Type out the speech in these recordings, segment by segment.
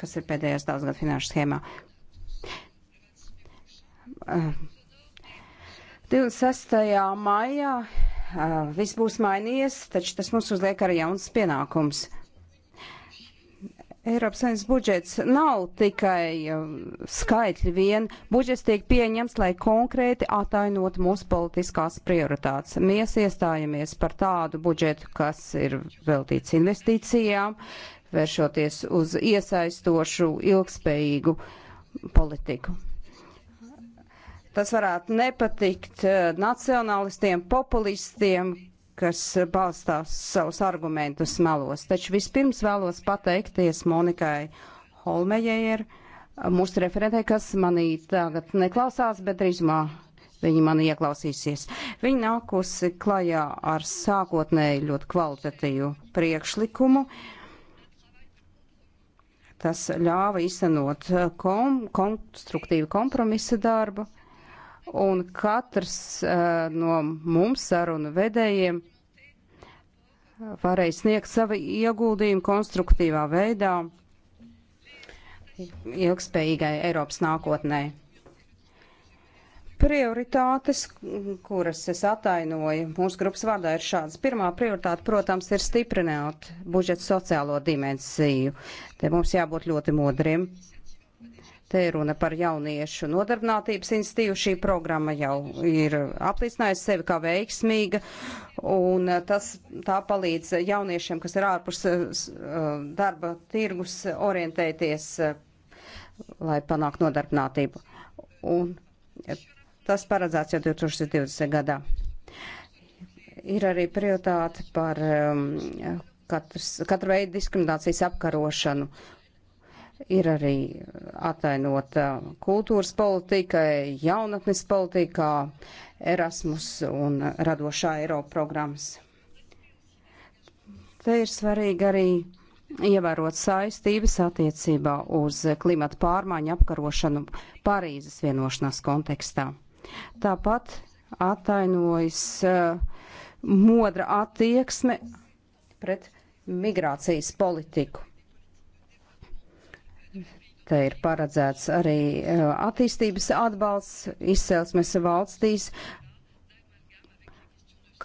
kas ir pēdējās daudzgad finanšu schēmā. 26. maijā viss būs mainījies, taču tas mums uzliek arī jauns pienākums. Eiropas Savienības budžets nav tikai skaitļi vien. Budžets tiek pieņems, lai konkrēti atainot mūsu politiskās prioritātes. Mēs iestājamies par tādu budžetu, kas ir veltīts investīcijām, vēršoties uz iesaistošu, ilgspējīgu politiku. Tas varētu nepatikt eh, nacionalistiem, populistiem, kas balstās savus argumentus melos. Taču vispirms vēlos pateikties Monikai Holmejēr, mūsu referentē, kas manī tagad neklausās, bet drīzumā viņa mani ieklausīsies. Viņa nākusi klajā ar sākotnēji ļoti kvalitatīvu priekšlikumu. Uh, Tas ļāva izsanot eh, kom, konstruktīvu kompromisa darbu, un katrs uh, no mums sarunu vedējiem eh, varēja sniegt savu ieguldījumu konstruktīvā veidā ilgspējīgai Eiropas nākotnē. Prioritātes, kuras es atainoju mūsu grupas vārdā, ir šādas. Pirmā prioritāte, protams, ir stiprināt budžeta sociālo dimensiju. Te mums jābūt ļoti modriem. Te ir runa par jauniešu nodarbinātības institīvu. Šī programma jau ir apliecinājusi sevi kā veiksmīga, un tas tā palīdz jauniešiem, kas ir ārpus uh, uh, darba tirgus, orientēties, uh, lai panāktu nodarbinātību. Un Tas paredzēts jau 2020. gadā. Ir arī prioritāte par um, katrs, katru veidu diskriminācijas apkarošanu. Ir arī atainota uh, kultūras politika, jaunatnes politikā, Erasmus un radošā Eiropa programmas. Te ir svarīgi arī ievērot saistības attiecībā uz klimata pārmaiņu apkarošanu Parīzes vienošanās kontekstā. Tāpat atainojas uh, modra attieksme pret migrācijas politiku. Te ir paredzēts arī uh, attīstības atbalsts izcelsmes valstīs,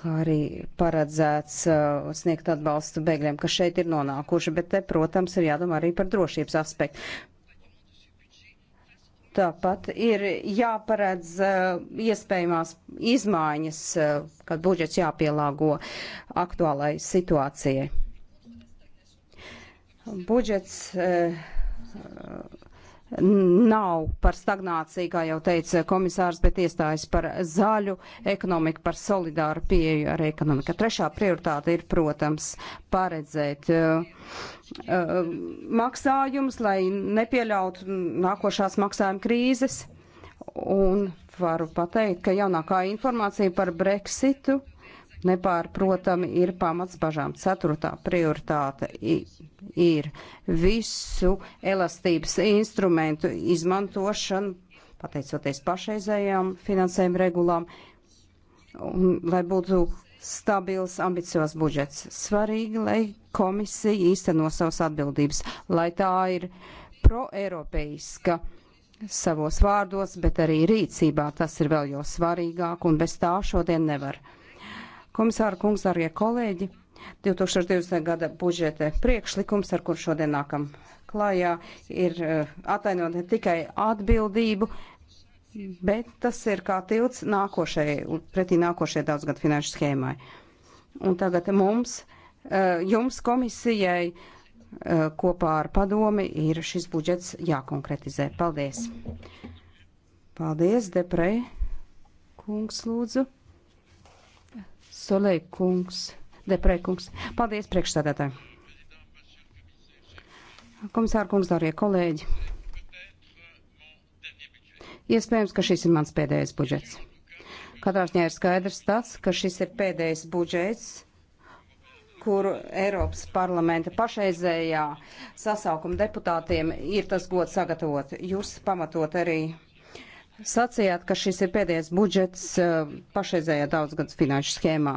kā arī paredzēts uh, sniegt atbalstu bēgļiem, kas šeit ir nonākuši, bet te, protams, ir jādomā arī par drošības aspektu. Tāpat ir jāparedz uh, iespējamās izmaiņas, uh, kad budžets jāpielāgo aktuālai situācijai. Budžets uh, nav par stagnāciju, kā jau teica komisārs, bet iestājas par zaļu ekonomiku, par solidāru pieeju ar ekonomiku. Trešā prioritāte ir, protams, paredzēt uh, uh, maksājumus, lai nepieļautu nākošās maksājuma krīzes. Un varu pateikt, ka jaunākā informācija par Brexitu nepārprotami ir pamats bažām. Ceturtā prioritāte ir visu elastības instrumentu izmantošana, pateicoties pašreizējām finansējuma regulām, un, lai būtu stabils, ambiciozs budžets. Svarīgi, lai komisija īsteno savas atbildības, lai tā ir proeiropeiska savos vārdos, bet arī rīcībā. Tas ir vēl jau svarīgāk, un bez tā šodien nevar. Komisāra kungs, darbie kolēģi, 2020. gada budžeta priekšlikums, ar kur šodien nākam klājā, ir eh, atainot ne tikai atbildību, bet tas ir kā tilts nākošajai, pretī nākošajai daudzgad finanšu schēmai. Un tagad mums, eh, jums komisijai eh, kopā ar padomi ir šis budžets jākonkretizē. Paldies! Paldies, Deprei! Kungs, lūdzu! Solēkungs, Deprēkungs. Paldies, priekšsēdētāji. Komisāra kungs, darbie kolēģi. Iespējams, ka šis ir mans pēdējais budžets. Katrā ziņā ir skaidrs tas, ka šis ir pēdējais budžets, kuru Eiropas parlamenta pašreizējā sasaukuma deputātiem ir tas gods sagatavot. Jūs pamatot arī sacījāt, ka šis ir pēdējais budžets eh, pašreizējā daudzgads finanšu schēmā.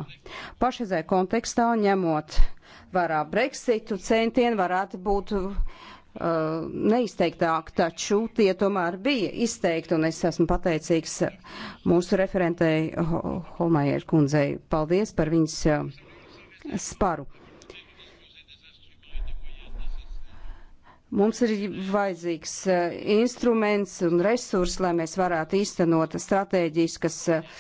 Pašreizējā kontekstā ņemot vērā Brexitu centienu varētu būt uh, neizteiktāk, taču tie tomēr bija izteikti, un es esmu pateicīgs mūsu referentei Holmajer kundzei. Paldies par viņas uh, sparu. Mums ir vajadzīgs eh, instruments un resurs, lai mēs varētu īstenot stratēģijas, kas eh,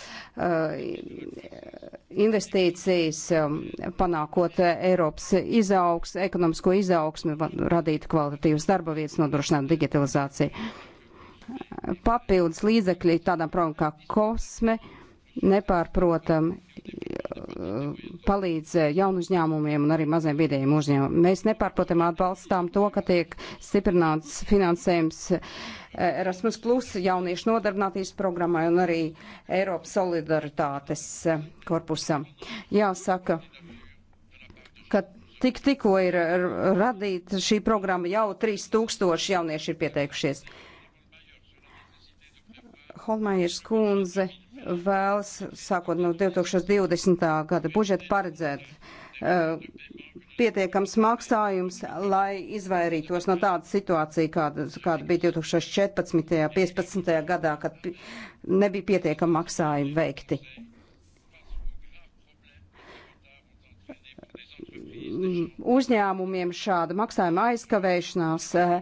eh, investīcijas um, panākot Eiropas izaugs, ekonomisko izaugsmi, radīt kvalitatīvas darba vietas, nodrošināt digitalizāciju. Papildus līdzekļi tādām programmām kā kosme nepārprotam palīdz jaunu uzņēmumiem un arī maziem vidējiem uzņēmumiem. Mēs nepārprotam atbalstām to, ka tiek stiprināts finansējums eh, Erasmus Plus jauniešu nodarbinātības programmai un arī Eiropas solidaritātes eh, korpusam. Jāsaka, ka tik tikko ir radīta šī programma, jau 3000 jaunieši ir pieteikušies. Holmajers kundze vēlas, sākot no 2020. gada budžeta, paredzēt uh, pietiekams maksājums, lai izvairītos no tāda situācija, kāda, kāda bija 2014. un 2015. gadā, kad nebija pietiekami maksājumi veikti. uzņēmumiem šāda maksājuma aizkavēšanās eh,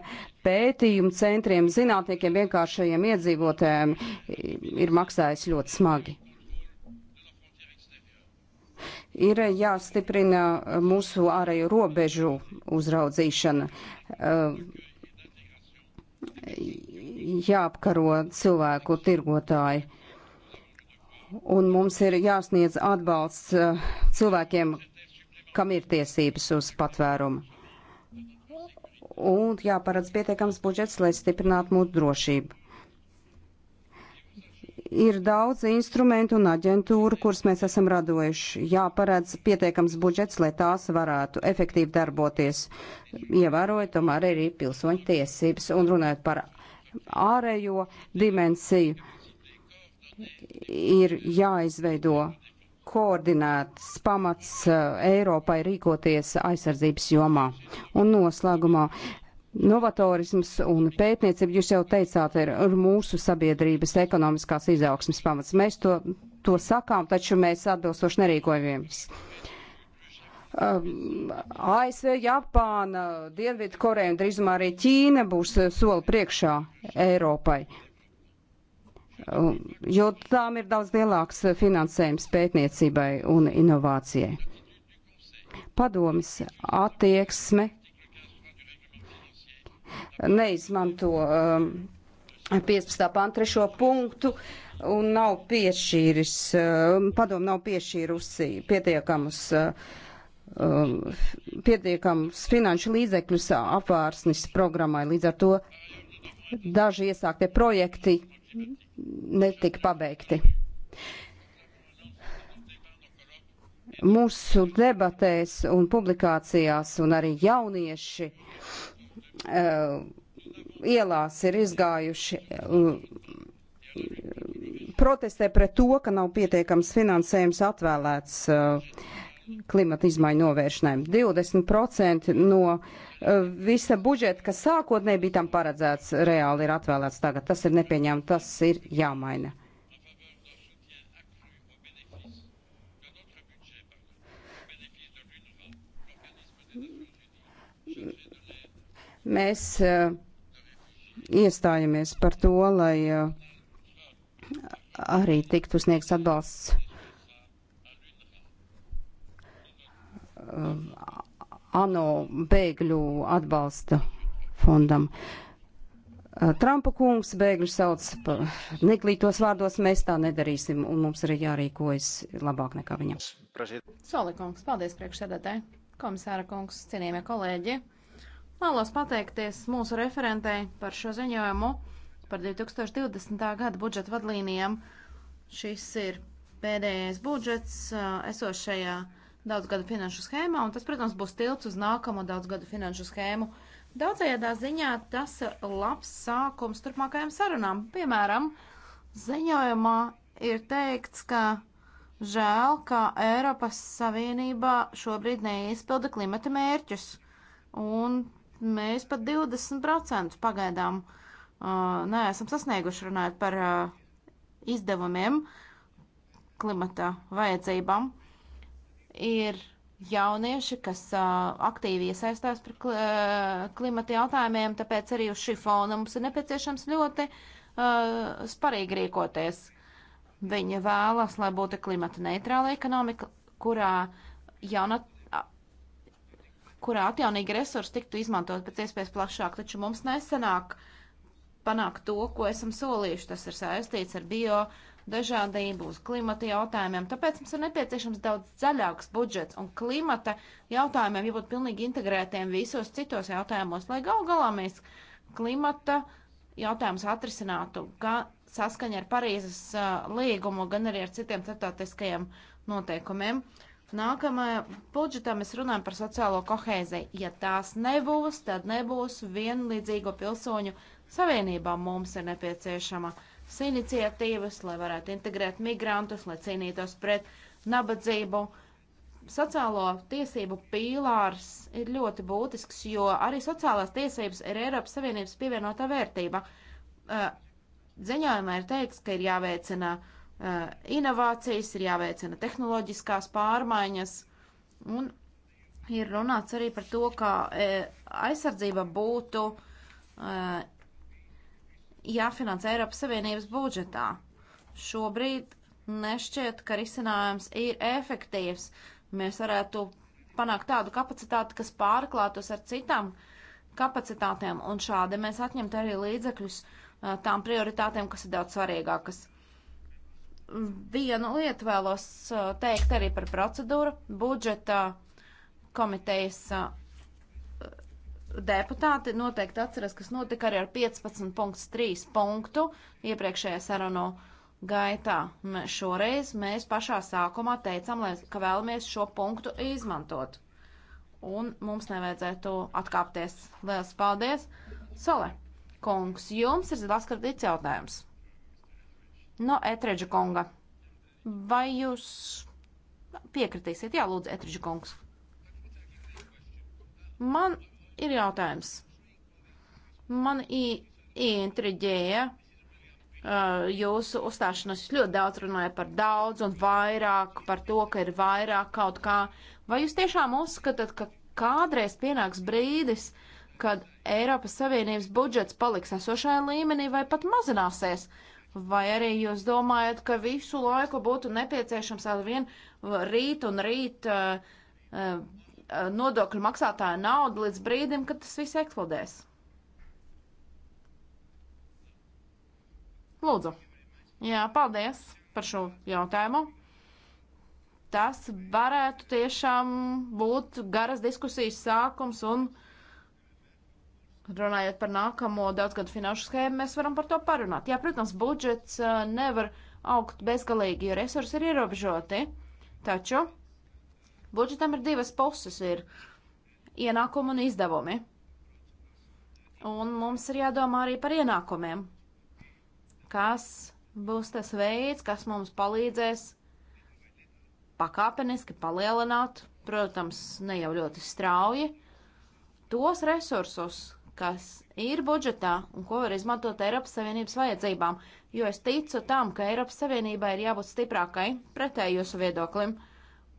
pētījumu centriem, zinātniekiem, vienkāršajiem iedzīvotājiem ir maksājis ļoti smagi. Ir jāstiprina mūsu ārēju robežu uzraudzīšana, eh, jāapkaro cilvēku tirgotāji un mums ir jāsniedz atbalsts eh, cilvēkiem, kam ir tiesības uz patvērumu. Un jāparedz pietiekams budžets, lai stiprinātu mūsu drošību. Ir daudz instrumentu un aģentūru, kuras mēs esam radojuši. Jāparedz pietiekams budžets, lai tās varētu efektīvi darboties, ievērojot tomēr arī pilsoņu tiesības un runājot par ārējo dimensiju ir jāizveido koordinēts pamats eh, Eiropai rīkoties aizsardzības jomā. Un noslēgumā Novatorisms un pētniecība, jūs jau teicāt, ir mūsu sabiedrības ekonomiskās izaugsmas pamats. Mēs to, to sakām, taču mēs atbilstoši nerīkojamies. Um, ASV, Japāna, Dienvidu Koreja un drīzumā arī Ķīna būs soli priekšā Eiropai. Uh, jo tām ir daudz lielāks finansējums pētniecībai un inovācijai. Padomis attieksme neizmanto um, 15. pānt trešo punktu un nav piešķīris, um, padomu nav piešķīrusi pietiekamus, um, pietiekamus finanšu līdzekļus apvārsnis programmai. Līdz ar to daži iesāktie projekti netika pabeigti. Mūsu debatēs un publikācijās un arī jaunieši uh, ielās ir izgājuši uh, protestē pret to, ka nav pietiekams finansējums atvēlēts uh, klimata izmaiņu novēršanai. 20% no uh, Eh, visa budžeta, kas sākotnēji bija tam paredzēts, reāli ir atvēlēts tagad. Tas ir nepieņēmums, tas ir jāmaina. Mēs uh, iestājamies par to, lai uh, arī tiktu sniegts atbalsts uh, ANO bēgļu atbalsta fondam. Trumpa kungs bēgļu sauc par neglītos vārdos, mēs tā nedarīsim, un mums arī jārīkojas labāk nekā viņam. Soli kungs, paldies priekšsēdētē. Komisāra kungs, cienījamie kolēģi. Vēlos pateikties mūsu referentei par šo ziņojumu par 2020. gada budžeta vadlīnijām. Šis ir pēdējais budžets esošajā. Uh, daudzgadu finanšu schēmā, un tas, protams, būs tilts uz nākamo daudzgadu finanšu schēmu. Daudzajādā ziņā tas ir labs sākums turpmākajām sarunām. Piemēram, ziņojumā ir teikts, ka žēl, ka Eiropas Savienība šobrīd neizpilda klimata mērķus, un mēs pat 20% pagaidām uh, neesam sasnieguši runājot par uh, izdevumiem klimata vajadzībām ir jaunieši, kas uh, aktīvi iesaistās par kl klimata jautājumiem, tāpēc arī uz šī fona mums ir nepieciešams ļoti uh, sparīgi rīkoties. Viņa vēlas, lai būtu klimata neitrāla ekonomika, kurā, jaunat, kurā atjaunīgi resursi tiktu izmantot pēc iespējas plašāk, taču mums nesanāk panākt to, ko esam solījuši. Tas ir saistīts ar bio uh, dažādību, uz klimata jautājumiem. Tāpēc mums ir nepieciešams daudz zaļāks budžets, un klimata jautājumiem jābūt pilnīgi integrētiem visos citos jautājumos, lai gal galā mēs klimata jautājumus atrisinātu gan saskaņā ar Parīzes uh, līgumu, gan arī ar citiem starptautiskajiem noteikumiem. Nākamajā budžetā mēs runājam par sociālo kohēziju. Ja tās nebūs, tad nebūs vienlīdzīgo pilsoņu savienībā mums ir nepieciešama uh, iniciatīvas, lai varētu integrēt migrantus, lai cīnītos pret nabadzību. Sociālo tiesību pīlārs ir ļoti būtisks, jo arī sociālās tiesības ir Eiropas Savienības pievienotā vērtība. Uh, ziņojumā ir teikts, ka ir jāveicina uh, inovācijas, ir jāveicina tehnoloģiskās pārmaiņas, un ir runāts arī par to, ka uh, aizsardzība būtu jāfinansē Eiropas Savienības budžetā. Šobrīd nešķiet, ka risinājums ir efektīvs. Mēs varētu panākt tādu kapacitāti, kas pārklātos ar citām kapacitātēm, un šādi mēs atņemtu arī līdzekļus tām prioritātēm, kas ir daudz svarīgākas. Vienu lietu vēlos teikt arī par procedūru. Budžeta komitejas deputāti noteikti atceras, kas notika arī ar 15.3 punktu iepriekšējā sarunu gaitā. Šoreiz mēs pašā sākumā teicām, lai, ka vēlamies šo punktu izmantot. Un mums nevajadzētu atkāpties. Lielas paldies! Sole, kungs, jums ir zilās kartītes jautājums. No Etreģa kunga. Vai jūs piekritīsiet? Jā, lūdzu, Etreģa kungs. Man ir jautājums. Man ieintriģēja uh, jūsu uzstāšanos. Jūs ļoti daudz runājat par daudz un vairāk, par to, ka ir vairāk kaut kā. Vai jūs tiešām uzskatāt, ka kādreiz pienāks brīdis, kad Eiropas Savienības budžets paliks esošajā līmenī vai pat mazināsies? Vai arī jūs domājat, ka visu laiku būtu nepieciešams ar vien rīt un rīt uh, uh, Eh, nodokļu maksātāja naudu līdz brīdim, kad tas viss eksplodēs. Lūdzu. Jā, paldies par šo jautājumu. Tas varētu tiešām būt garas diskusijas sākums un runājot par nākamo daudzgadu finanšu schēmu, mēs varam par to parunāt. Jā, protams, budžets eh, nevar augt bezgalīgi, jo resursi ir ierobežoti, taču Budžetam ir divas puses - ir ienākumi un izdevumi. Un mums ir jādomā arī par ienākumiem. Kas būs tas veids, kas mums palīdzēs pakāpeniski palielināt, protams, ne jau ļoti strauji, tos resursus, kas ir budžetā un ko var izmantot Eiropas Savienības vajadzībām, jo es ticu tam, ka Eiropas Savienībai ir jābūt stiprākai pretēji jūsu viedoklim. Uh,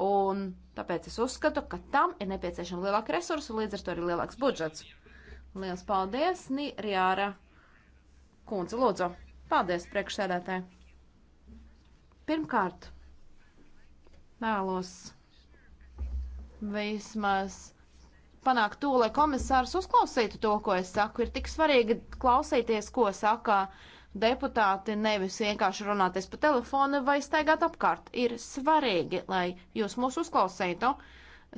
Un tāpēc es uzskatu, ka tam ir nepieciešama lielāka resursa un līdz ar to arī lielāks budžets. Liels paldies, Nirjāra Kūnce, lūdzu. Paldies, priekšsēdētāji. Pirmkārt, vēlos vismaz panākt to, lai komisārs uzklausītu to, ko es saku. Ir tik svarīgi klausīties, ko saka uh, deputāti nevis vienkārši runāties pa telefonu vai staigāt apkārt. Ir svarīgi, lai jūs mūs uzklausītu.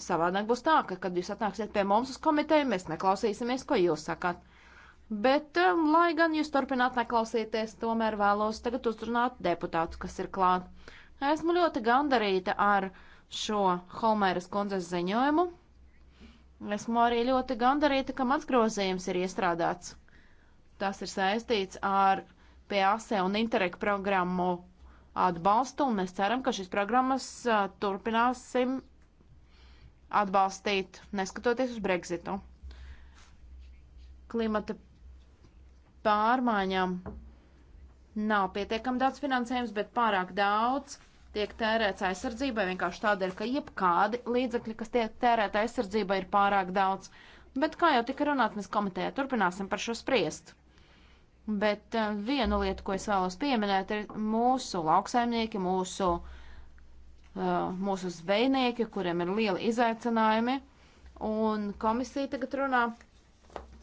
Savādāk būs tā, ka, kad jūs atnāksiet pie mums uz komiteju, mēs neklausīsimies, ko jūs sakāt. Bet, um, lai gan jūs turpināt neklausīties, tomēr vēlos tagad uzrunāt deputātus, kas ir klāt. Esmu ļoti gandarīta ar šo Holmēras kundzes ziņojumu. Esmu arī ļoti gandarīta, ka mans grozījums ir iestrādāts. Tas ir saistīts ar PASE un Interreg programmu atbalstu, un mēs ceram, ka šīs programmas turpināsim atbalstīt, neskatoties uz Brexitu. Klimata pārmaiņām nav pietiekami daudz finansējums, bet pārāk daudz tiek tērēts aizsardzībai vienkārši tādēļ, ka jebkādi līdzekļi, kas tiek tērēti aizsardzībai, ir pārāk daudz. Bet, kā jau tika runāts, mēs komitejā turpināsim par šo spriest. Bet eh, viena lieta, ko es vēlos pieminēt, ir mūsu lauksaimnieki, mūsu, eh, mūsu zvejnieki, kuriem ir lieli izaicinājumi. Un komisija tagad runā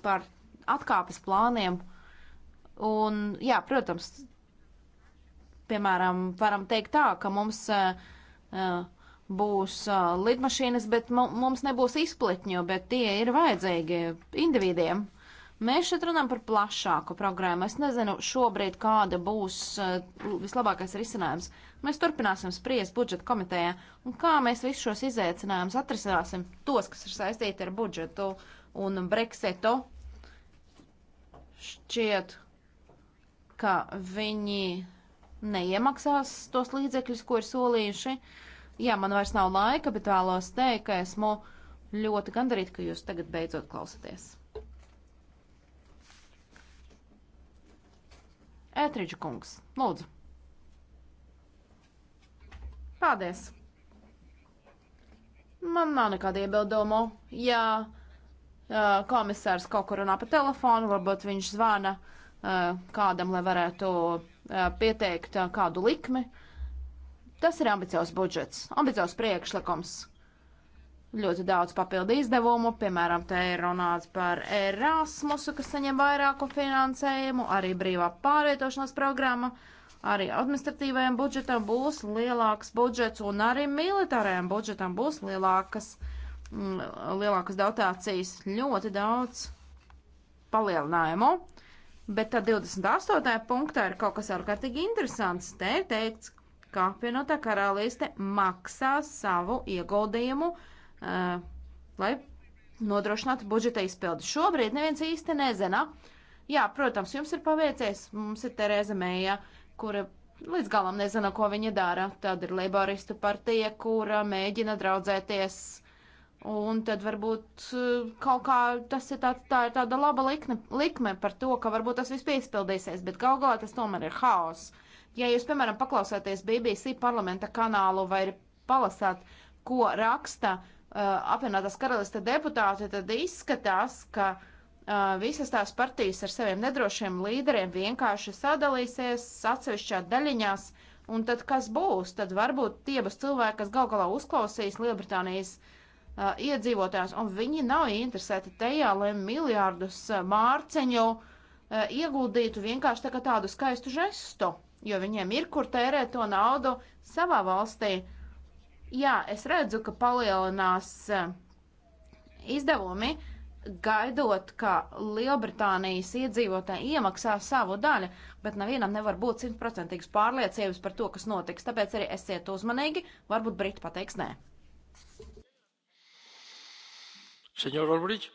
par atkāpes plāniem. Un, jā, protams, piemēram, varam teikt tā, ka mums eh, būs lidmašīnas, bet mums nebūs izpletņu, bet tie ir vajadzīgi individiem. Mēs šeit runājam par plašāku programmu. Es nezinu šobrīd, kāda būs eh, vislabākais risinājums. Mēs turpināsim spriest budžeta komitejā, un kā mēs visus šos izaicinājumus atrisināsim, tos, kas ir saistīti ar budžetu un Brexitu. Šķiet, ka viņi neiemaksās tos līdzekļus, ko ir solījuši. Jā, man vairs nav laika, bet vēlos teikt, ka esmu ļoti gandarīta, ka jūs tagad beidzot klausāties. Ētriģa kungs, lūdzu. Paldies! Man nav nekāda iebildumu. Ja uh, komisārs kaut kur runā pa telefonu, varbūt viņš zvana uh, kādam, lai varētu uh, pieteikt eh, kādu likmi. Tas ir ambiciozs budžets, ambiciozs priekšlikums ļoti daudz papildu izdevumu, piemēram, te ir runāts par Erasmusu, kas saņem vairāku finansējumu, arī brīvā pārvietošanās programma, arī administratīvajam budžetam būs lielāks budžets un arī militārajam budžetam būs lielākas, m, mm, lielākas dotācijas, ļoti daudz palielinājumu. Bet tā 28. punktā ir kaut kas ārkārtīgi interesants. Te ir teikts, ka apvienotā karalīste maksās savu ieguldījumu uh, uh, lai nodrošinātu budžeta izpildi. Šobrīd neviens īsti nezina. Jā, protams, jums ir paveicies, mums ir Tereza Mēja, kura līdz galam nezina, ko viņa dara. Tad ir Leiboristu partija, kura mēģina draudzēties. Un tad varbūt eh, kaut kā tas ir, tā, tā ir tāda laba likne, likme par to, ka varbūt tas viss piespildīsies, bet gal galā tas tomēr ir haoss. Ja jūs, piemēram, paklausāties BBC parlamenta kanālu vai palasāt, ko raksta uh, Eh, apvienotās karaliste deputāti, tad izskatās, ka uh, visas tās partijas ar saviem nedrošiem līderiem vienkārši sadalīsies atsevišķā daļiņās, un tad kas būs? Tad varbūt tie būs cilvēki, kas gal galā uzklausīs Lielbritānijas uh, iedzīvotājus, un viņi nav interesēti tajā, lai miljārdus uh, mārciņu ieguldītu vienkārši tā kā tādu skaistu žestu, jo viņiem ir kur tērēt to naudu savā valstī. Uh, Jā, es redzu, ka palielinās eh, izdevumi, gaidot, ka Lielbritānijas iedzīvotāji iemaksā savu daļu, bet nevienam nevar būt simtprocentīgs pārliecības par to, kas notiks. Tāpēc arī esiet uzmanīgi, varbūt Briti pateiks nē. Senjor Olbrich.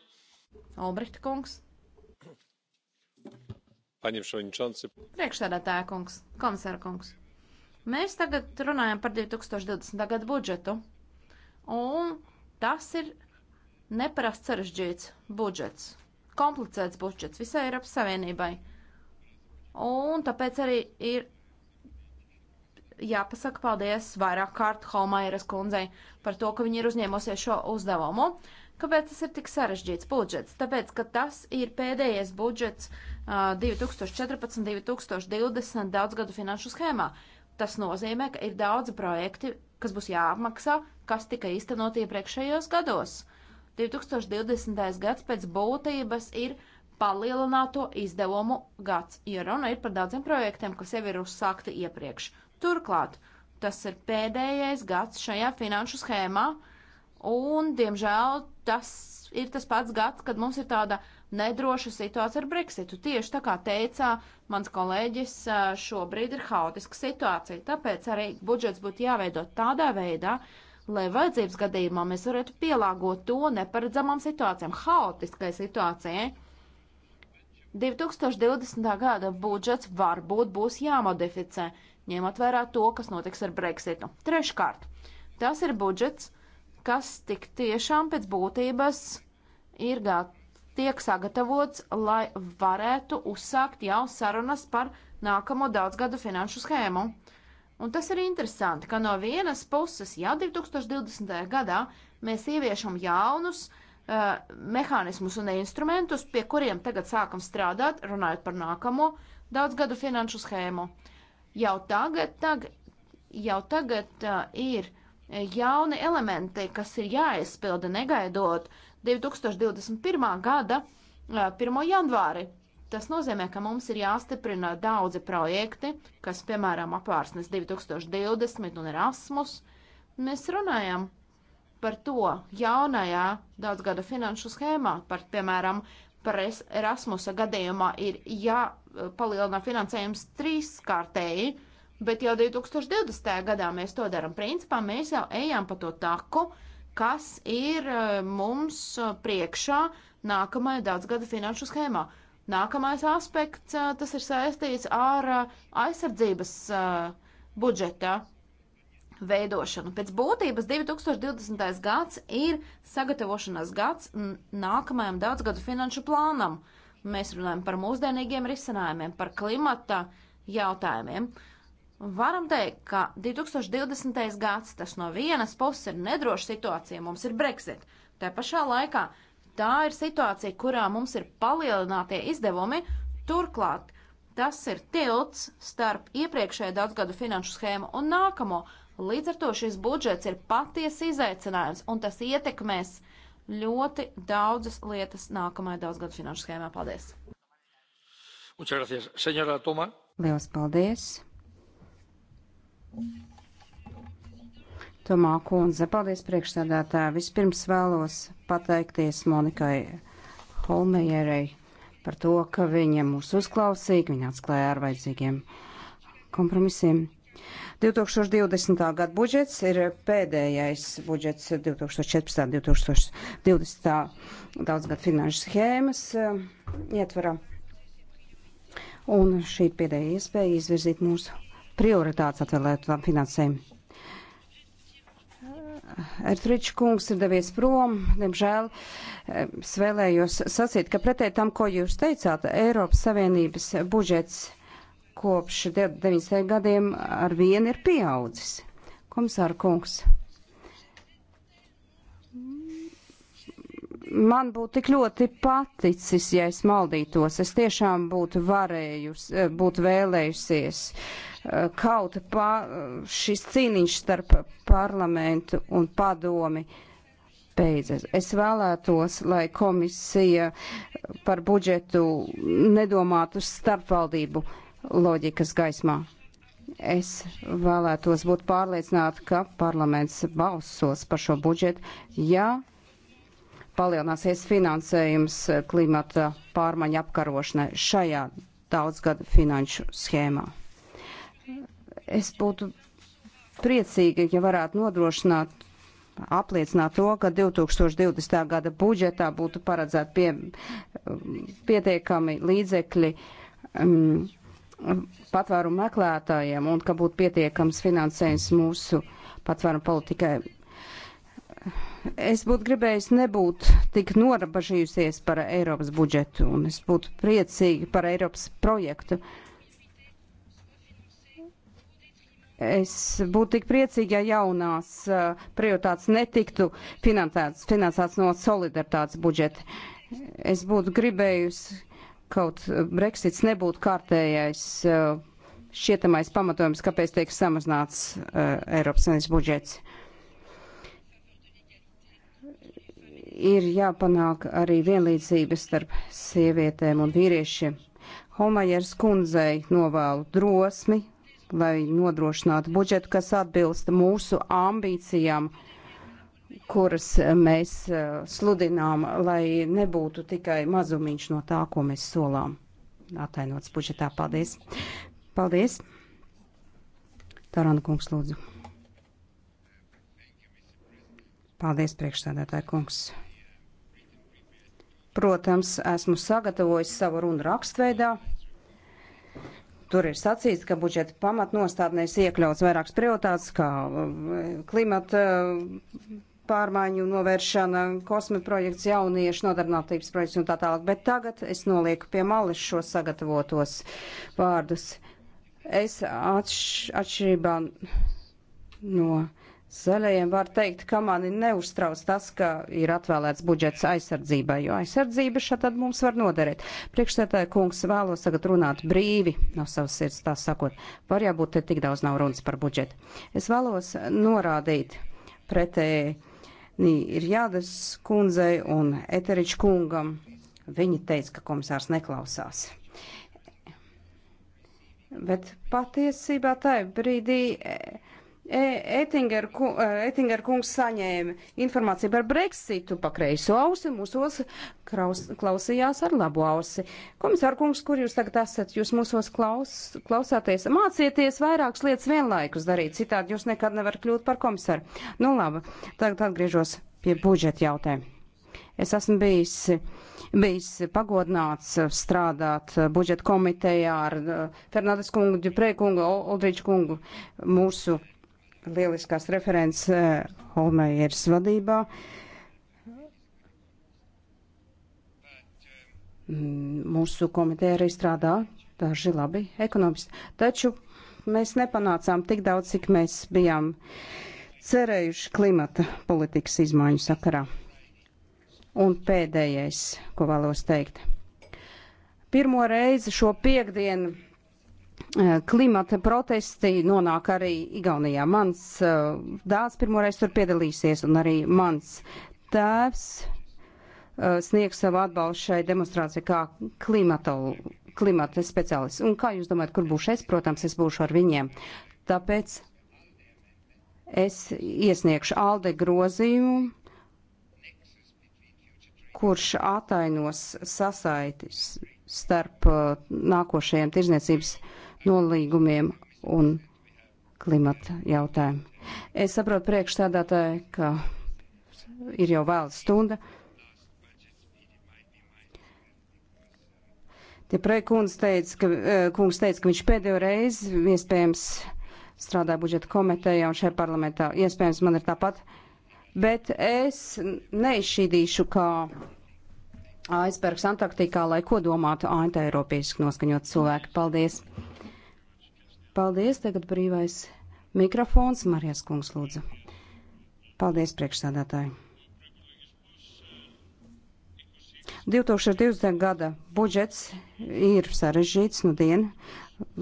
Olbricht kungs. Paņemšana Čonsi. Priekšsēdētāja kungs, komisāra kungs. Mēs tagad runājam par 2020. gadu budžetu, un tas ir neparasti sarežģīts budžets, komplicēts budžets visai Eiropas Savienībai. Un tāpēc arī ir jāpasaka paldies vairāk kārt Holmairas kundzei par to, ka viņi ir uzņēmusies šo uzdevumu. Kāpēc tas ir tik sarežģīts budžets? Tāpēc, ka tas ir pēdējais budžets uh, 2014-2020 daudzgadu finanšu schēmā. Tas nozīmē, ka ir daudzi projekti, kas būs jāapmaksā, kas tika īstenot iepriekšējos gados. 2020. gads pēc būtības ir palielināto izdevumu gads, jo runa ir par daudziem projektiem, kas jau ir uzsākti iepriekš. Turklāt, tas ir pēdējais gads šajā finanšu schēmā, un, diemžēl, tas ir tas pats gads, kad mums ir tāda uh, nedroša situācija ar Brexitu. Tieši tā kā teicā mans kolēģis, šobrīd ir haotiska situācija, tāpēc arī budžets būtu jāveido tādā veidā, lai vajadzības gadījumā mēs varētu pielāgot to neparedzamām situācijām, haotiskai situācijai. 2020. gada budžets varbūt būs jāmodificē, ņemot vērā to, kas notiks ar Brexitu. Treškārt, tas ir budžets, kas tik tiešām pēc būtības ir gat tiek sagatavots, lai varētu uzsākt jau sarunas par nākamo daudzgadu finanšu schēmu. Un tas ir interesanti, ka no vienas puses jau 2020. gadā mēs ieviešam jaunus uh, mehānismus un instrumentus, pie kuriem tagad sākam strādāt, runājot par nākamo daudzgadu finanšu schēmu. Jau tagad, tag, jau tagad uh, ir jauni elementi, kas ir jāizpilda negaidot uh, 2021. gada 1. janvāri. Tas nozīmē, ka mums ir jāstiprina daudzi projekti, kas, piemēram, apvārsnes 2020 un Erasmus. Mēs runājam par to jaunajā daudzgada finanšu schēmā, par, piemēram, par Erasmusa gadījumā ir jāpalielina finansējums trīskārtēji, bet jau 2020. gadā mēs to darām. Principā mēs jau ejam pa to taku, uh, kas ir eh, mums eh, priekšā nākamajā daudzgada finanšu schēmā. Nākamais aspekts, eh, tas ir saistīts ar aizsardzības budžeta veidošanu. Pēc būtības 2020. gads ir sagatavošanās gads nākamajam daudzgadu finanšu plānam. Mēs runājam par mūsdienīgiem risinājumiem, par klimata jautājumiem. Uh, Varam teikt, ka 2020. gads tas no vienas puses ir nedroša situācija, mums ir Brexit. Te pašā laikā tā ir situācija, kurā mums ir palielinātie izdevumi, turklāt tas ir tilts starp iepriekšējo daudzgadu finanšu schēmu un nākamo. Līdz ar to šis budžets ir patiesi izaicinājums, un tas ietekmēs ļoti daudzas lietas nākamajā daudzgadu finanšu schēmā. Paldies! Muchas gracias, señora Toma. Lielas paldies! Tomā kundze, paldies priekšsēdētā. Vispirms vēlos pateikties Monikai Holmejerei par to, ka viņa mūs uzklausīja, ka viņa atklāja ar vajadzīgiem kompromisiem. 2020. gada budžets ir pēdējais budžets 2014. un 2020. daudzgad finanšu schēmas uh, ietvarā. Un šī ir pēdējā iespēja izvirzīt mūsu prioritātes atvēlētām finansējumu. Ertriča kungs ir devies prom, diemžēl es vēlējos sacīt, ka pretēji tam, ko jūs teicāt, Eiropas Savienības budžets kopš 90. gadiem ar vienu ir pieaudzis. Komisāra kungs. man būtu tik ļoti paticis, ja es maldītos. Es tiešām būtu varējusi, eh, būtu vēlējusies eh, kaut kā eh, šis cīniņš starp parlamentu un padomi. Beidzas. Es vēlētos, lai komisija par budžetu nedomātu starpvaldību loģikas gaismā. Es vēlētos būt pārliecināta, ka parlaments balsos par šo budžetu, ja palielināsies finansējums eh, klimata pārmaiņu apkarošanai šajā daudzgada finanšu schēmā. Es būtu priecīgi, ja varētu nodrošināt, apliecināt to, ka 2020. gada budžetā būtu paredzēti pie, pietiekami līdzekļi um, patvērumu meklētājiem un ka būtu pietiekams finansējums mūsu patvērumu politikai es būtu gribējusi nebūt tik norabažījusies par Eiropas budžetu, un es būtu priecīga par Eiropas projektu. Es būtu tik priecīga, ja jaunās uh, prioritātes netiktu finansētas, finansētas no solidaritātes budžeta. Es būtu gribējusi, kaut Brexits nebūtu kārtējais uh, šietamais pamatojums, kāpēc tiek samazināts uh, Eiropas Savienības budžets. Uh, ir jāpanāk arī vienlīdzības starp sievietēm un vīriešiem. Homajers kundzei novēlu drosmi, lai nodrošinātu budžetu, kas atbilst mūsu ambīcijām, kuras mēs eh, sludinām, lai nebūtu tikai mazumiņš no tā, ko mēs solām. Atainots budžetā. Paldies! Paldies! Tarana kungs lūdzu. Paldies, priekšstādātāja kungs. Protams, esmu sagatavojis savu runu rakstveidā. Tur ir sacīts, ka budžeta pamatnostādnēs iekļauts vairākas prioritātes, kā eh, klimata eh, pārmaiņu novēršana, kosmeta projekts, jauniešu nodarbinātības projekts un tā tālāk. Bet tagad es nolieku pie malas šos sagatavotos vārdus. Es atš, atšķirībā no Zaļajiem var teikt, ka mani neuztrauc tas, ka ir atvēlēts budžets aizsardzībai, jo aizsardzība šā tad mums var noderēt. Priekšsētāja kungs vēlos tagad runāt brīvi no savas sirds, tā sakot, var jābūt te tik daudz nav runas par budžetu. Es vēlos norādīt pretēji, ir jādas kundzei un Eteriča kungam. Viņi teica, ka komisārs neklausās. Bet patiesībā tajā brīdī. E, E, Ettinger, e, Ettinger kungs saņēma informāciju par Brexitu pa kreiso ausi, mūsos kraus, klausījās ar labu ausi. Komisār kungs, kur jūs tagad esat, jūs mūsos klaus, klausāties, mācieties vairākas lietas vienlaikus darīt, citādi jūs nekad nevar kļūt par komisāru. Nu labi, tagad atgriežos pie budžeta jautājumu. Es esmu bijis, bijis pagodināts strādāt budžeta komitejā ar e, Fernandes kungu, Duprē kungu, Oldriču kungu, mūsu lieliskās referents eh, Holmējers vadībā. Mm, mūsu komiteja arī strādā daži labi ekonomisti. Taču mēs nepanācām tik daudz, cik mēs bijām cerējuši klimata politikas izmaiņu sakarā. Un pēdējais, ko vēlos teikt. Pirmo reizi šo piekdienu Eh, klimata protesti nonāk arī Igaunijā. Mans eh, dēls pirmoreiz tur piedalīsies un arī mans tēvs eh, sniegs savu atbalstu šai demonstrācijai kā klimata, klimata speciālists. Un kā jūs domājat, kur būšu es? Protams, es būšu ar viņiem. Tāpēc es iesniegšu ALDE grozījumu, kurš atainos sasaitis starp nākošajiem tirzniecības uh, nolīgumiem un klimata jautājumu. Es saprotu priekšstādātāju, ka ir jau vēl stunda. Tie prekungs teica, ka, eh, kungs teica, ka viņš pēdējo reizi iespējams strādā budžeta komiteja un šajā parlamentā. Iespējams, man ir tāpat. Bet es neizšķīdīšu, kā aizbergs Antarktīkā, lai ko domātu antieiropiešu noskaņot cilvēki. Paldies! Paldies, tagad brīvais mikrofons Marijas kungs lūdzu. Paldies, priekšsādātāji. 2020. gada budžets ir sarežģīts nu dien.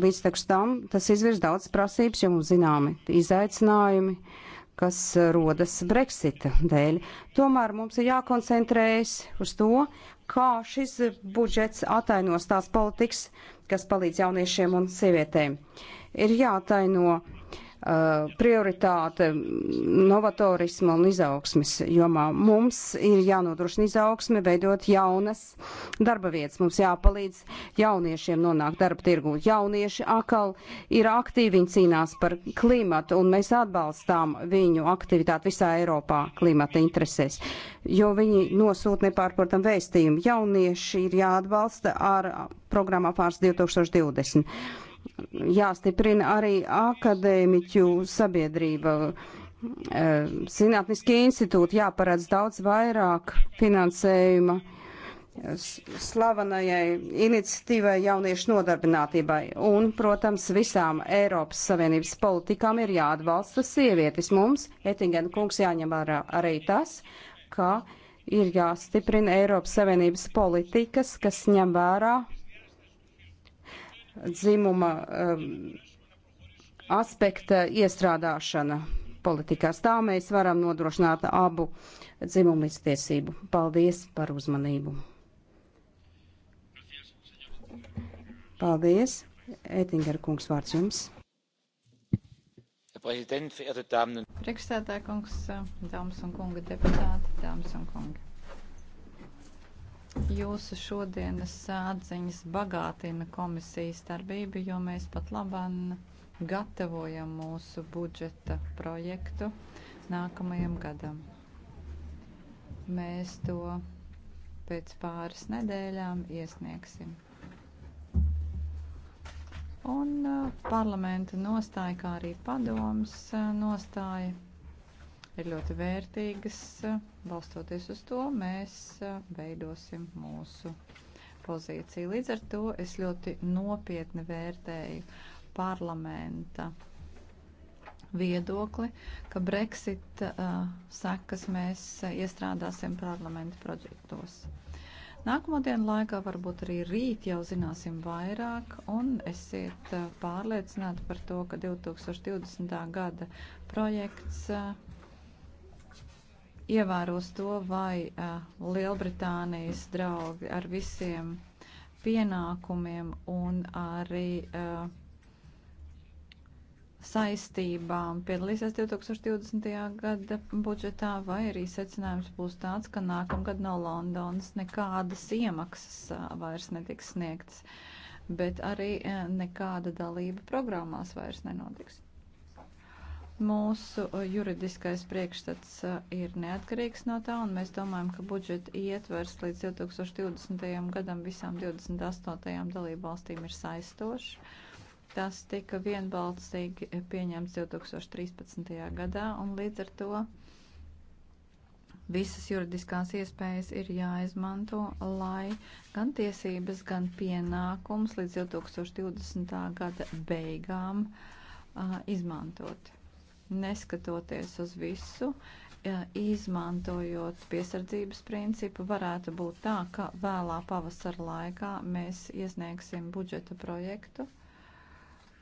Līdz tam tas izvirs daudz prasības, jo mums zināmi izaicinājumi, kas rodas Brexita dēļ. Tomēr mums ir jākoncentrējas uz to, kā šis budžets atainos tās politikas, kas palīdz jauniešiem un sievietēm. Ir jātaino Uh, prioritāte novatorisma un izaugsmes jomā. Mums ir jānodrošina izaugsme, veidot jaunas darba vietas. Mums jāpalīdz jauniešiem nonākt darba tirgu. Jaunieši akal ir aktīvi, viņi cīnās par klimatu, un mēs atbalstām viņu aktivitāti visā Eiropā klimata interesēs, jo viņi nosūta nepārprotam vēstījumu. Jaunieši ir jāatbalsta ar programmu apārs 2020 jāstiprina arī akadēmiķu sabiedrība. E, Zinātniskie institūti jāparedz daudz vairāk finansējuma slavenajai iniciatīvai jauniešu nodarbinātībai. Un, protams, visām Eiropas Savienības politikām ir jāatbalsta sievietes. Mums, Etingena kungs, jāņem arā, arī tas, ka ir jāstiprina Eiropas Savienības politikas, kas ņem vērā dzimuma um, aspekta iestrādāšana politikās. Tā mēs varam nodrošināt abu dzimumu iztiesību. Paldies par uzmanību. Paldies. Ētingera kungs vārds jums. Priekšstādā kungs, dāmas un kunga deputāti, dāmas un kungi. Jūsu šodienas atziņas bagātina komisijas darbību, jo mēs pat labāk gatavojam mūsu budžeta projektu nākamajam gadam. Mēs to pēc pāris nedēļām iesniegsim. Un uh, parlamenta nostāja, kā arī padomas uh, nostāja ir ļoti vērtīgas. Balstoties uz to, mēs eh, veidosim mūsu pozīciju. Līdz ar to es ļoti nopietni vērtēju parlamenta viedokli, ka Brexit uh, sekas mēs iestrādāsim parlamenta projektos. Nākamo dienu laikā, varbūt arī rīt jau zināsim vairāk, un esiet eh, pārliecināti par to, ka 2020. gada projekts uh, ievēros to, vai Lielbritānijas draugi ar visiem pienākumiem un arī uh, saistībām piedalīsies 2020. gada budžetā, vai arī secinājums būs tāds, ka nākamgad no Londonas nekādas iemaksas vairs netiks sniegtas, bet arī nekāda dalība programmās vairs nenotiks. Mūsu uh, juridiskais priekšstats uh, ir neatkarīgs no tā, un mēs domājam, ka budžeta ietvers līdz 2020. gadam visām 28. dalībvalstīm ir saistošs. Tas tika vienbalsīgi pieņemts 2013. gadā, un līdz ar to visas juridiskās iespējas ir jāizmanto, lai gan tiesības, gan pienākums līdz 2020. gada beigām uh, izmantot neskatoties uz visu, izmantojot piesardzības principu, varētu būt tā, ka vēlā pavasara laikā mēs iesniegsim budžeta projektu,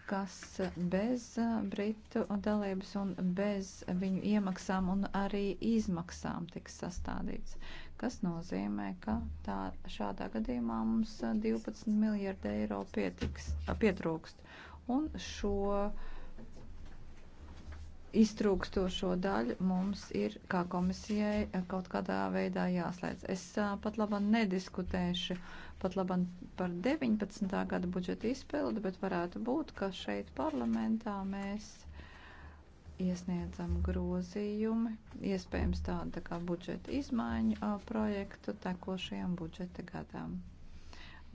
kas bez uh, Britu dalības un bez viņu iemaksām un arī izmaksām tiks sastādīts. Kas nozīmē, ka tā, šādā gadījumā mums 12 uh, miljardi eiro pietiks, uh, pietrūkst. Un šo uh, iztrūkstošo daļu mums ir kā komisijai kaut kādā veidā jāslēdz. Es pat labam nediskutēšu pat labam par 19. gada budžeta izpildu, bet varētu būt, ka šeit parlamentā mēs iesniedzam grozījumi, iespējams tādu tā kā budžeta izmaiņu projektu tekošajam budžeta gadam,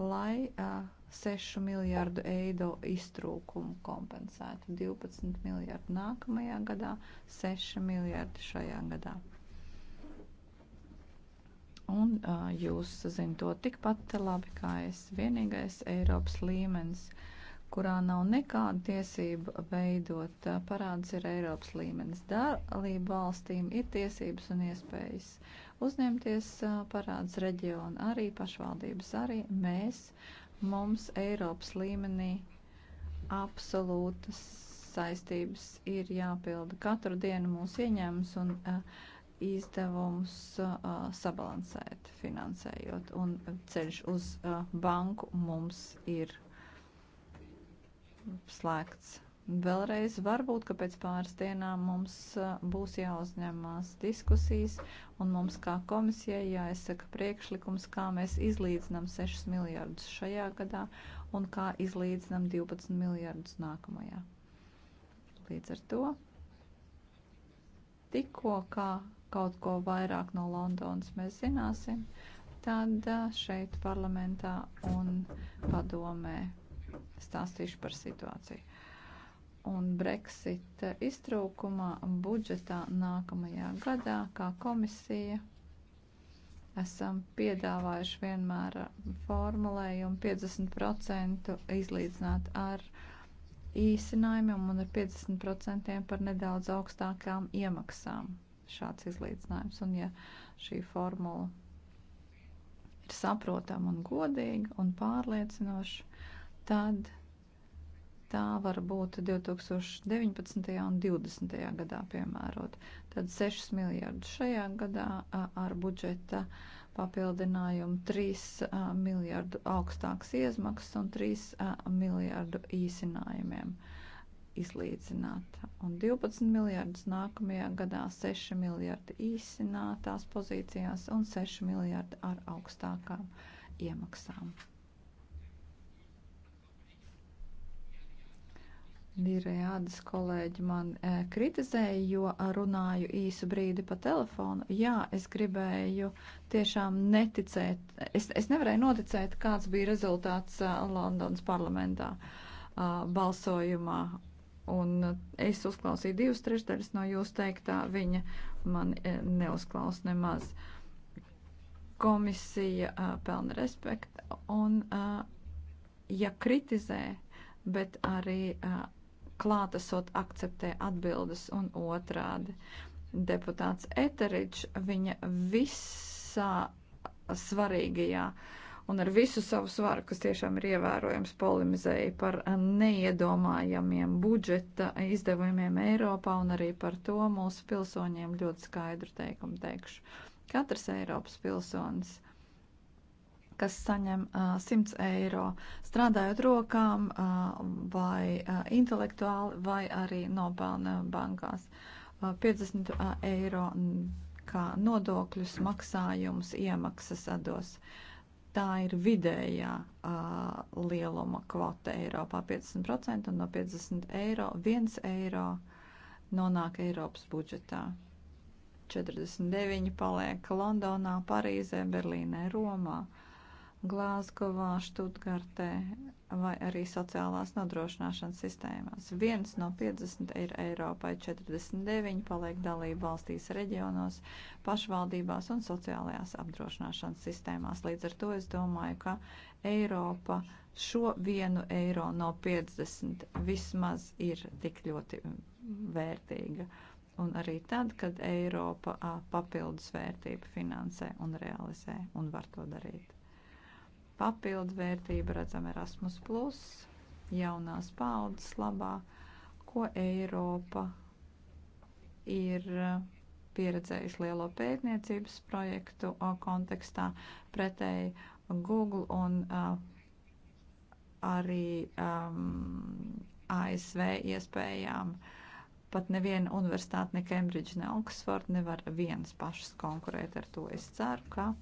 lai uh, 6 miljārdu eiro iztrūkumu kompensētu, 12 miljārdu nākamajā gadā, 6 miljārdi šajā gadā. Un uh, jūs zinat to tikpat labi kā es. Vienīgais Eiropas līmenis, kurā nav nekāda tiesība veidot uh, parādus, ir Eiropas līmenis. Dalību valstīm ir tiesības un iespējas uzņemties uh, parādus reģionu, arī pašvaldības, arī mēs. Uh, Mums Eiropas līmenī absolūtas saistības ir jāpilda katru dienu mūsu ieņēmums un uh, izdevums uh, sabalansēt, finansējot. Un ceļš uz uh, banku mums ir slēgts. Vēlreiz varbūt, ka pēc pāris dienām mums uh, būs jāuzņemās diskusijas un mums kā komisijai jāizsaka priekšlikums, kā mēs izlīdzinām 6 miljardus šajā gadā un kā izlīdzinām 12 miljardus nākamajā. Līdz ar to tikko kā kaut ko vairāk no Londonas mēs zināsim, tad uh, šeit parlamentā un padomē stāstīšu par situāciju un Brexit iztrūkumā budžetā nākamajā gadā, kā komisija, esam piedāvājuši vienmēr formulējumu 50% izlīdzināt ar īsinājumiem un ar 50% par nedaudz augstākām iemaksām. Šāds izlīdzinājums. Un ja šī formula ir saprotama un godīga un pārliecinoša, tad tā var būt 2019. un 2020. gadā piemērot. Tad 6 miljārdus šajā gadā ar budžeta papildinājumu 3 miljārdu augstāks iezmaksas un 3 miljārdu īsinājumiem izlīdzināt. Un 12 miljārdus nākamajā gadā 6 miljārdi īsinātās pozīcijās un 6 miljārdi ar augstākām iemaksām. Virēādas kolēģi man e, kritizēja, jo runāju īsu brīdi pa telefonu. Jā, es gribēju tiešām neticēt, es, es nevarēju noticēt, kāds bija rezultāts a, eh, Londonas parlamentā a, eh, balsojumā. Un a, es uzklausīju divas trešdaļas no jūs teiktā, viņa man e, neuzklaus nemaz. Komisija a, pelna respektu un, a, ja kritizē, bet arī. A, klātesot akceptē atbildes un otrādi. Deputāts Eteričs viņa visā svarīgajā un ar visu savu svaru, kas tiešām ir ievērojams, polemizēja par neiedomājamiem budžeta izdevumiem Eiropā un arī par to mūsu pilsoņiem ļoti skaidru teikumu teikšu. Katrs Eiropas pilsonis kas saņem uh, 100 eiro strādājot rokām uh, vai uh, intelektuāli vai arī nopelna bankās. Uh, 50 uh, eiro kā nodokļus maksājums iemaksas atdos. Tā ir vidējā uh, lieluma kvota Eiropā 50% un no 50 eiro 1 eiro nonāk Eiropas budžetā. 49 paliek Londonā, Parīzē, Berlīnē, Romā. Uh, Glāzgovā, Štutgartē vai arī sociālās nodrošināšanas sistēmās. Viens no 50 ir Eiropai 49, paliek dalība valstīs reģionos, pašvaldībās un sociālajās apdrošināšanas sistēmās. Līdz ar to es domāju, ka Eiropa šo vienu eiro no 50 vismaz ir tik ļoti vērtīga. Un arī tad, kad Eiropa papildus vērtību finansē un realizē un var to darīt. Papildu vērtību redzam Erasmus, plus, jaunās paudzes labā, ko Eiropa ir eh, pieredzējuši lielo pētniecības projektu kontekstā pretēji Google un uh, arī um, eh, ASV iespējām. Pat neviena universitāte, ne Cambridge, ne Oxford nevar viens pašas konkurēt ar to. Es ceru, ka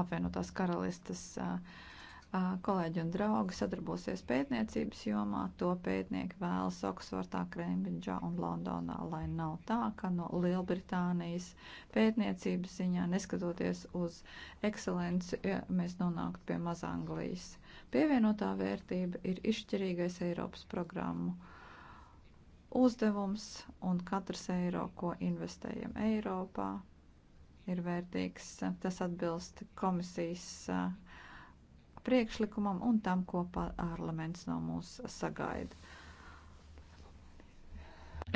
apvienotās karalistas kolēģi un draugi sadarbosies pētniecības jomā. To pētnieki vēlas Oksfordā, Krembridžā un Londonā, lai nav tā, ka no Lielbritānijas pētniecības ziņā, neskatoties uz ekscelenci, mēs nonāktu pie Mazanglijas. Pievienotā vērtība ir izšķirīgais Eiropas programmu uzdevums un katrs eiro, ko investējam Eiropā, ir vērtīgs. Tas atbilst komisijas priekšlikumam un tam, ko parlaments no mūs sagaida.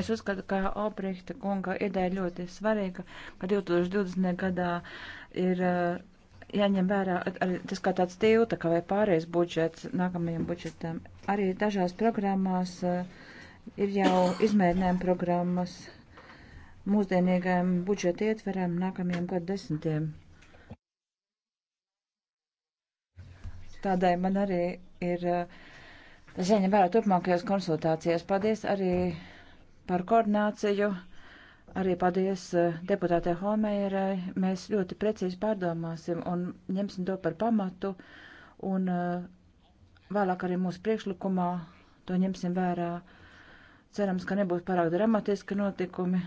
Es uzskatu, ka Obrihta kunga ideja ļoti svarīga, ka 2020. gadā ir jāņem vērā arī tas kā tāds tilta, ka vai pārējais budžets nākamajam budžetam. Arī dažās programmās ir jau izmēģinājuma programmas mūsdienīgajam budžeta ietveram nākamajiem gadu desmitiem. Tādēļ man arī ir eh, jāņem vērā turpmākajās konsultācijās. Paldies arī par koordināciju. Arī paldies eh, deputātē Homērai. Mēs ļoti precīzi pārdomāsim un ņemsim to par pamatu. Un eh, vēlāk arī mūsu priekšlikumā to ņemsim vērā. Cerams, ka nebūs pārāk dramatiski notikumi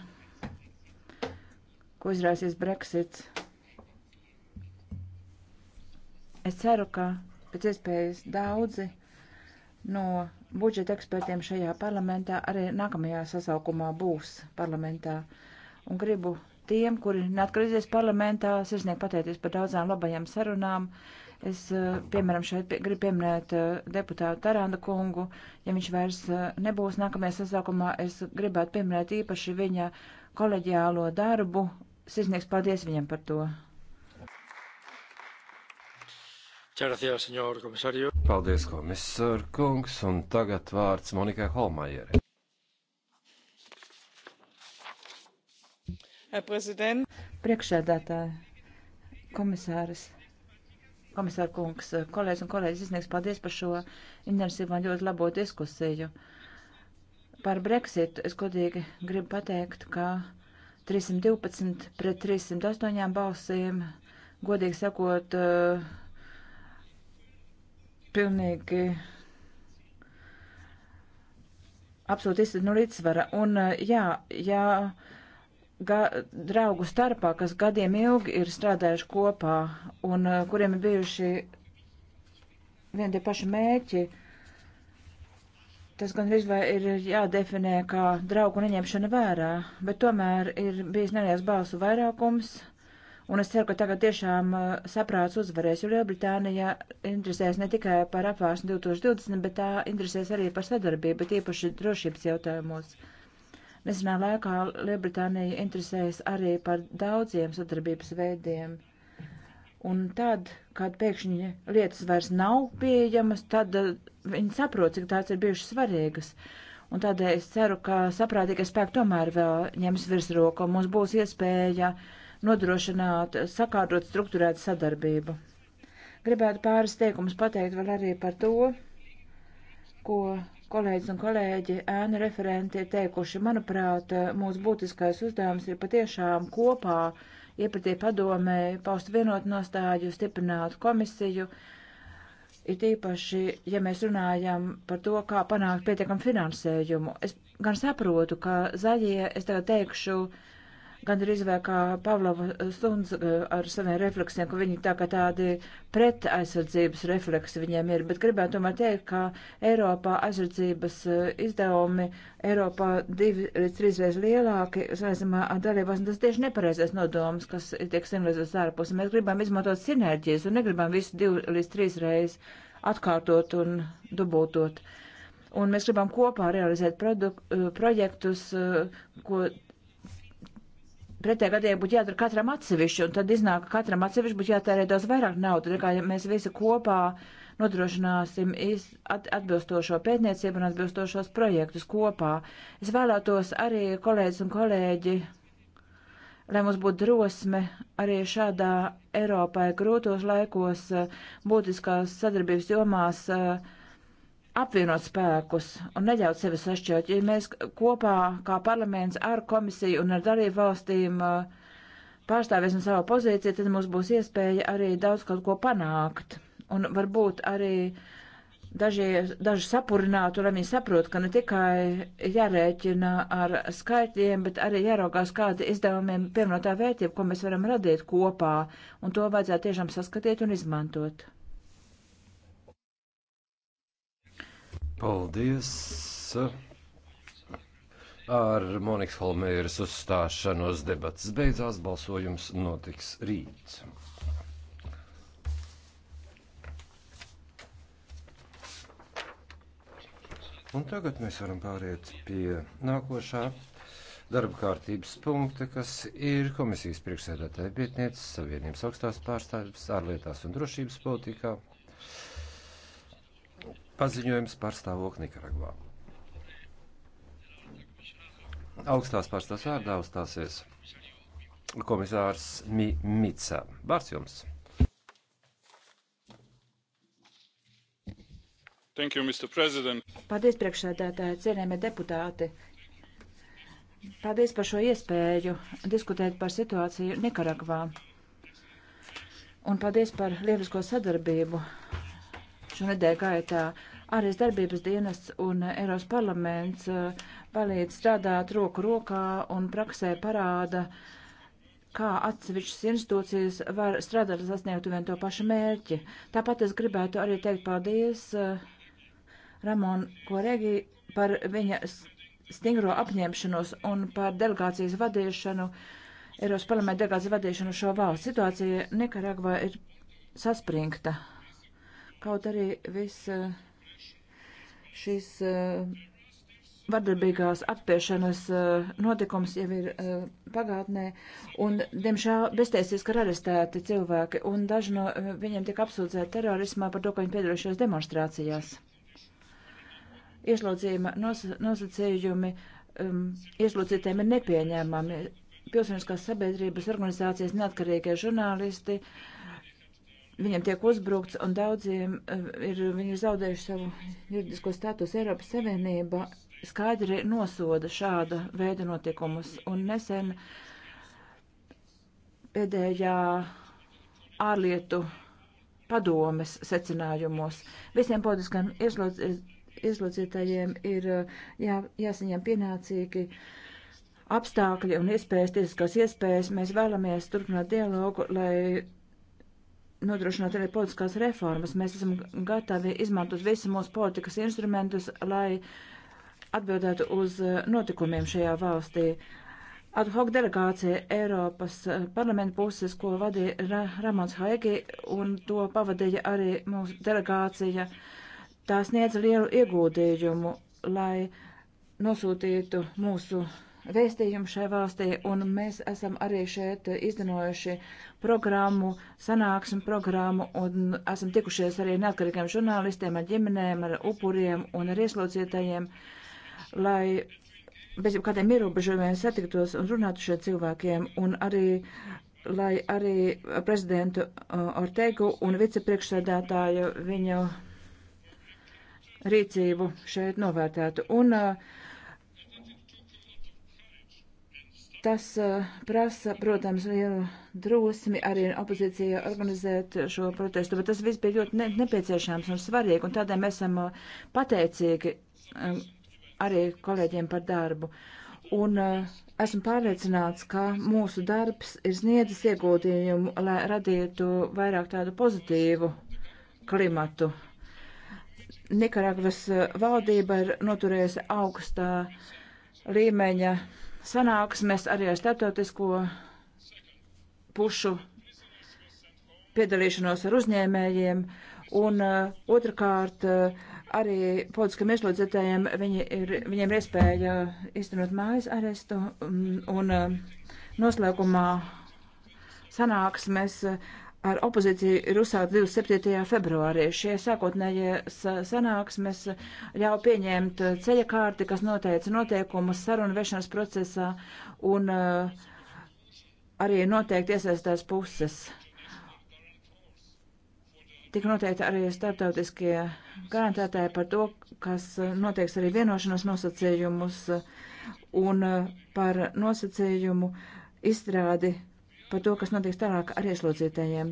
ko izraisīs Brexits. Es ceru, ka pēc iespējas daudzi no budžeta ekspertiem šajā parlamentā arī nākamajā sasaukumā būs parlamentā. Un gribu tiem, kuri neatgriezies parlamentā, sirsnīgi pateikties par daudzām labajām sarunām. Es, eh, piemēram, šeit gribu pieminēt eh, deputātu Taranda kungu. Ja viņš vairs eh, nebūs nākamajā sasaukumā, es gribētu pieminēt īpaši viņa kolēģiālo darbu Sirsnieks, paldies viņam par to. Paldies, komisār kungs, un tagad vārds Monikai Holmajerai. Priekšsēdētāji, komisāris, komisāra kungs, kolēģis un kolēģis izniegs paldies par šo intensīvu un ļoti labo diskusiju. Par Brexit es godīgi gribu pateikt, ka 312 pret 308 balsīm. Godīgi sakot, eh, pilnīgi absolūti izsit no nu, līdzsvara. Un eh, jā, jā, ga, draugu starpā, kas gadiem ilgi ir strādājuši kopā un eh, kuriem ir bijuši vien tie paši mēķi, uh, Tas gan vai ir jādefinē kā draugu neņemšana vērā, bet tomēr ir bijis neliels balsu vairākums, un es ceru, ka tagad tiešām uh, saprāts uzvarēs, jo Lielbritānija interesēs ne tikai par apvārsni 2020, bet tā interesēs arī par sadarbību, bet īpaši drošības jautājumos. Nesenā laikā Lielbritānija interesēs arī par daudziem sadarbības veidiem Un tad, kad pēkšņi lietas vairs nav pieejamas, tad eh, viņi saprot, cik tās ir bijušas svarīgas. Un tādēļ eh, es ceru, ka saprātīgie spēki tomēr vēl ņems virsroku, un mums būs iespēja nodrošināt sakārtot struktūrētu sadarbību. Gribētu pāris teikumus pateikt vēl arī par to, ko kolēģis un kolēģi ēnu referenti ir teikuši. Manuprāt, eh, mūsu būtiskais uzdevums ir patiešām kopā uh, iepratie padomē paust vienotu nostāju, stiprinātu komisiju. Ir tīpaši, ja mēs runājam par to, kā panākt pietiekam finansējumu. Es gan saprotu, ka zaļie, es tagad teikšu, uh, gandrīz vai kā Pavlova stunds eh, ar saviem refleksiem, ka viņi tā kā tādi pret aizsardzības refleksi viņiem ir, bet gribētu tomēr teikt, ka Eiropā aizsardzības eh, izdevumi Eiropā divi līdz trīs reizes lielāki, saistībā ar dalībās, un tas tieši nepareizais nodoms, kas tiek simbolizēts ārpus. Mēs gribam izmantot sinerģijas un negribam visu divu līdz trīs reizes atkārtot un dubultot un mēs gribam kopā realizēt produk, eh, projektus, ko Pretējā gadījumā būtu jādara katram atsevišķi, un tad iznāk, ka katram atsevišķi būtu jātērē daudz vairāk naudas, nekā ja mēs visi kopā nodrošināsim at atbilstošo pētniecību un atbilstošos projektus kopā. Es vēlētos arī kolēģis un kolēģi, lai mums būtu drosme arī šādā Eiropai grūtos laikos būtiskās sadarbības jomās. Uh, apvienot spēkus un neļaut sevi sašķelt, ja mēs kopā kā parlaments ar komisiju un ar darību valstīm uh, pārstāvēsim savu pozīciju, tad mums būs iespēja arī daudz kaut ko panākt. Un varbūt arī dažie, daži sapurinātu, lai viņi saprot, ka ne tikai jārēķina ar skaitļiem, bet arī jāraugās, kādi izdevumiem pievienotā vērtība, ko mēs varam radīt kopā, un to vajadzētu tiešām saskatīt un izmantot. Paldies! Ar Monikas Holmēras uzstāšanos debatas beidzās, balsojums notiks rīt. Un tagad mēs varam pāriet pie nākošā darba kārtības punkta, kas ir komisijas priekšsēdētāja vietnieces Savienības augstās pārstāvības ārlietās un drošības politikā paziņojums par stāvokli Nikaragvā. Augstās pārstāvs vārdā uzstāsies komisārs Mi Mica. Vārds jums! Thank you, Mr. President. Paldies, priekšsēdētāji, cienējamie deputāti. Paldies par šo iespēju diskutēt par situāciju Nikaragvā. Un paldies par lielisko sadarbību šo nedēļu gaitā. Arī darbības dienas un Eiropas parlaments eh, palīdz strādāt roku rokā un praksē parāda, kā atsevišķas institūcijas var strādāt, lai sasniegtu vien to pašu mērķi. Tāpat es gribētu arī teikt paldies eh, Ramon Koregi par viņa stingro apņemšanos un par delegācijas vadīšanu, Eiropas parlamenta delegācijas vadīšanu šo valstu. Situācija Nikaragvā ir saspringta. Kaut arī viss eh, šīs eh, vardarbīgās atspiešanas eh, notikums jau ir pagātnē, un, diemžēl, beztiesiski ir arestēti cilvēki, un daži no viņiem tiek apsūdzēti terorismā par to, ka viņi piedalījušies demonstrācijās. Ieslodzījuma nos, nosacījumi um, ehm, ieslodzītēm ir nepieņēmami. Pilsoniskās sabiedrības organizācijas neatkarīgie žurnālisti uh, viņam tiek uzbrukts, un daudziem eh, ir, viņi ir zaudējuši savu juridisko statusu. Eiropas Savienība skaidri nosoda šāda veida notikumus, un nesen pēdējā ārlietu padomes secinājumos visiem politiskam ieslodzītajiem ir eh, jā, jāsaņem pienācīgi apstākļi un iespējas, tiesiskās iespējas. Mēs vēlamies turpināt dialogu, lai nodrošināt arī politiskās reformas. Mēs esam gatavi izmantot visu mūsu politikas instrumentus, lai atbildētu uz eh, notikumiem šajā valstī. Ad hoc delegācija Eiropas eh, parlamenta puses, ko vadīja Ra Ramons Haigi, un to pavadīja arī mūsu delegācija, tā sniedza lielu ieguldījumu, lai nosūtītu mūsu vēstījumu šai valstī, un mēs esam arī šeit izdenojuši programmu, sanāksmu programmu, un esam tikušies arī neatkarīgiem žurnālistiem, ar ģimenēm, ar upuriem un ar ieslodzītajiem, lai bez jau kādiem ierobežojumiem satiktos un runātu šiem cilvēkiem, un arī, lai arī prezidentu uh, Ortegu un vicepriekšsēdētāju viņu rīcību šeit novērtētu. Un uh, Tas eh, prasa, protams, lielu drosmi arī opozīcijā organizēt šo protestu, bet tas viss bija ļoti ne nepieciešams un svarīgi, un tādēļ mēs esam eh, pateicīgi eh, arī kolēģiem par darbu. Un esmu pārliecināts, ka mūsu darbs ir sniedzis ieguldījumu, lai radītu vairāk tādu pozitīvu klimatu. Nikaragvas valdība ir noturējusi augstā līmeņa sanāksmes arī ar starptautisko pušu piedalīšanos ar uzņēmējiem, un uh, otrkārt uh, arī politiskiem ieslodzītājiem viņi ir, viņiem ir iespēja iztenot mājas arestu, un, un uh, noslēgumā sanāksmes. Uh, ar opozīciju ir uzsākta 27. februārī. Šie sākotnējie sanāksmes ļauj pieņemt ceļa kārti, kas noteica noteikumus sarunu vešanas procesā un eh, arī noteikti iesaistās puses. Tik noteikti arī starptautiskie garantētāji par to, kas noteiks arī vienošanos nosacījumus un eh, par nosacījumu izstrādi par to, kas notiks tālāk ar ieslodzītajiem.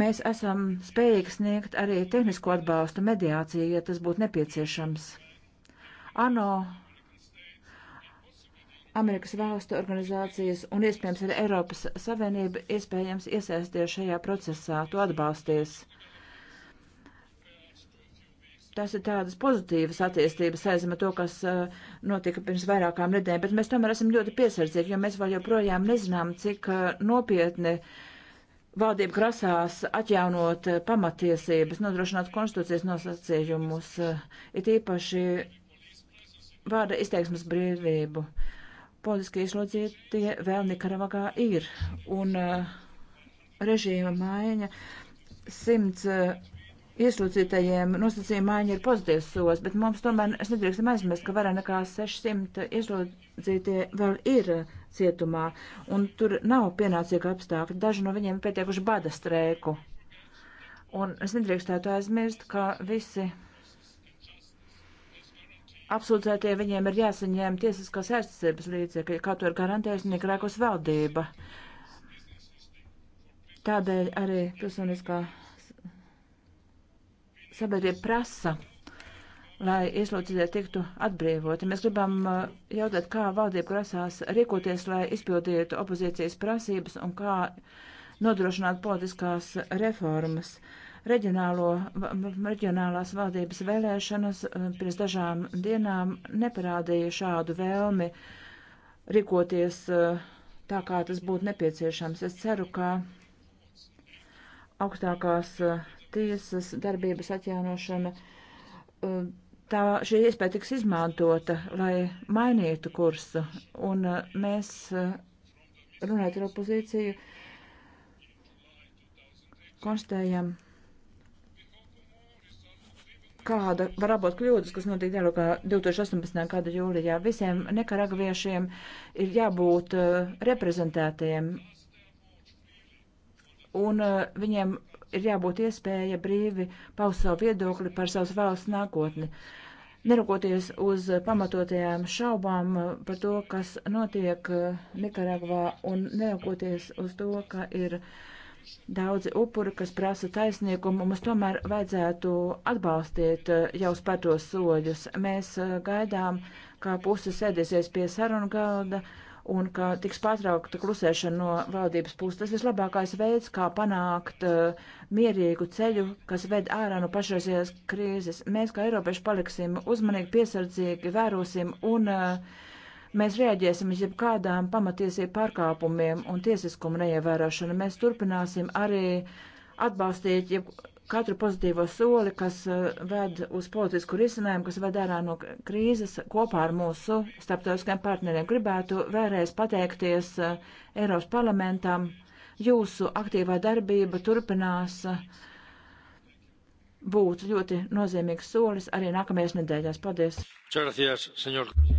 Mēs esam spējīgi sniegt arī tehnisko atbalstu mediāciju, ja tas būtu nepieciešams. ANO, Amerikas valstu organizācijas un iespējams arī Eiropas Savienība iespējams iesaistīja šajā procesā, to atbalsties. Uh, tas ir tādas pozitīvas attīstības saistībā ar to, kas uh, notika pirms vairākām nedēļām, bet mēs tomēr esam ļoti piesardzīgi, jo mēs vēl joprojām nezinām, cik uh, nopietni valdība grasās atjaunot uh, pamatiesības, nodrošināt konstitūcijas nosacījumus, uh, it īpaši vārda izteiksmes brīvību. Politiski ieslodzītie vēl Nikaravagā ir, un uh, režīma maiņa simts uh, ieslodzītajiem nosacījuma maiņa ir pozitīvs solis, bet mums tomēr es nedrīkstam aizmirst, ka vairāk nekā 600 ieslodzītie vēl ir cietumā, un tur nav pienācīga apstākļa. Daži no viņiem ir pietiekuši bada streiku. Un es nedrīkstētu aizmirst, ka visi apsūdzētie viņiem ir jāsaņem tiesiskās aizsardzības līdzekļi, kā to ir garantējusi Nikrēkos valdība. Tādēļ arī pilsoniskā sabiedrība prasa, lai ieslodzītie tiktu atbrīvoti. Mēs gribam eh, jautāt, kā valdība grasās rīkoties, lai izpildītu opozīcijas prasības un kā nodrošināt politiskās reformas. Reģionālo, reģionālās valdības vēlēšanas eh, pirms dažām dienām neparādīja šādu vēlmi rīkoties eh, tā, kā tas būtu nepieciešams. Es ceru, ka augstākās tiesas darbības atjaunošana. Uh, tā šī iespēja tiks izmantota, lai mainītu kursu. Un uh, mēs, uh, runājot ar opozīciju, konstatējam, kāda var būt kļūdas, kas notika dialogā 2018. gada jūlijā. Visiem nekaragviešiem ir jābūt reprezentētiem un viņiem ir jābūt iespēja brīvi paust savu viedokli par savas valsts nākotni. Neraugoties uz pamatotajām šaubām par to, kas notiek eh, Nikaragvā un neraugoties uz to, ka ir daudzi upuri, kas prasa taisnīgumu, mums tomēr vajadzētu atbalstīt eh, jau spētos soļus. Mēs eh, gaidām, kā puse sēdēsies pie sarunu galda. Uh, un ka tiks pārtraukta klusēšana no valdības puses. Tas vislabākais veids, kā panākt uh, mierīgu ceļu, kas ved ārā no pašreizējās krīzes. Mēs, kā Eiropieši, paliksim uzmanīgi, piesardzīgi, vērosim un uh, mēs reaģēsim uz jebkādām pamatiesību pārkāpumiem un tiesiskumu neievērošanu. Mēs turpināsim arī atbalstīt jeb katru pozitīvo soli, kas eh, ved uz politisku risinājumu, kas ved ārā no krīzes kopā ar mūsu starptautiskajiem partneriem. Gribētu vēlreiz pateikties eh, Eiropas parlamentam. Jūsu aktīvā darbība turpinās eh, būt ļoti nozīmīgs solis arī nākamajās nedēļās. Paldies! Gracias,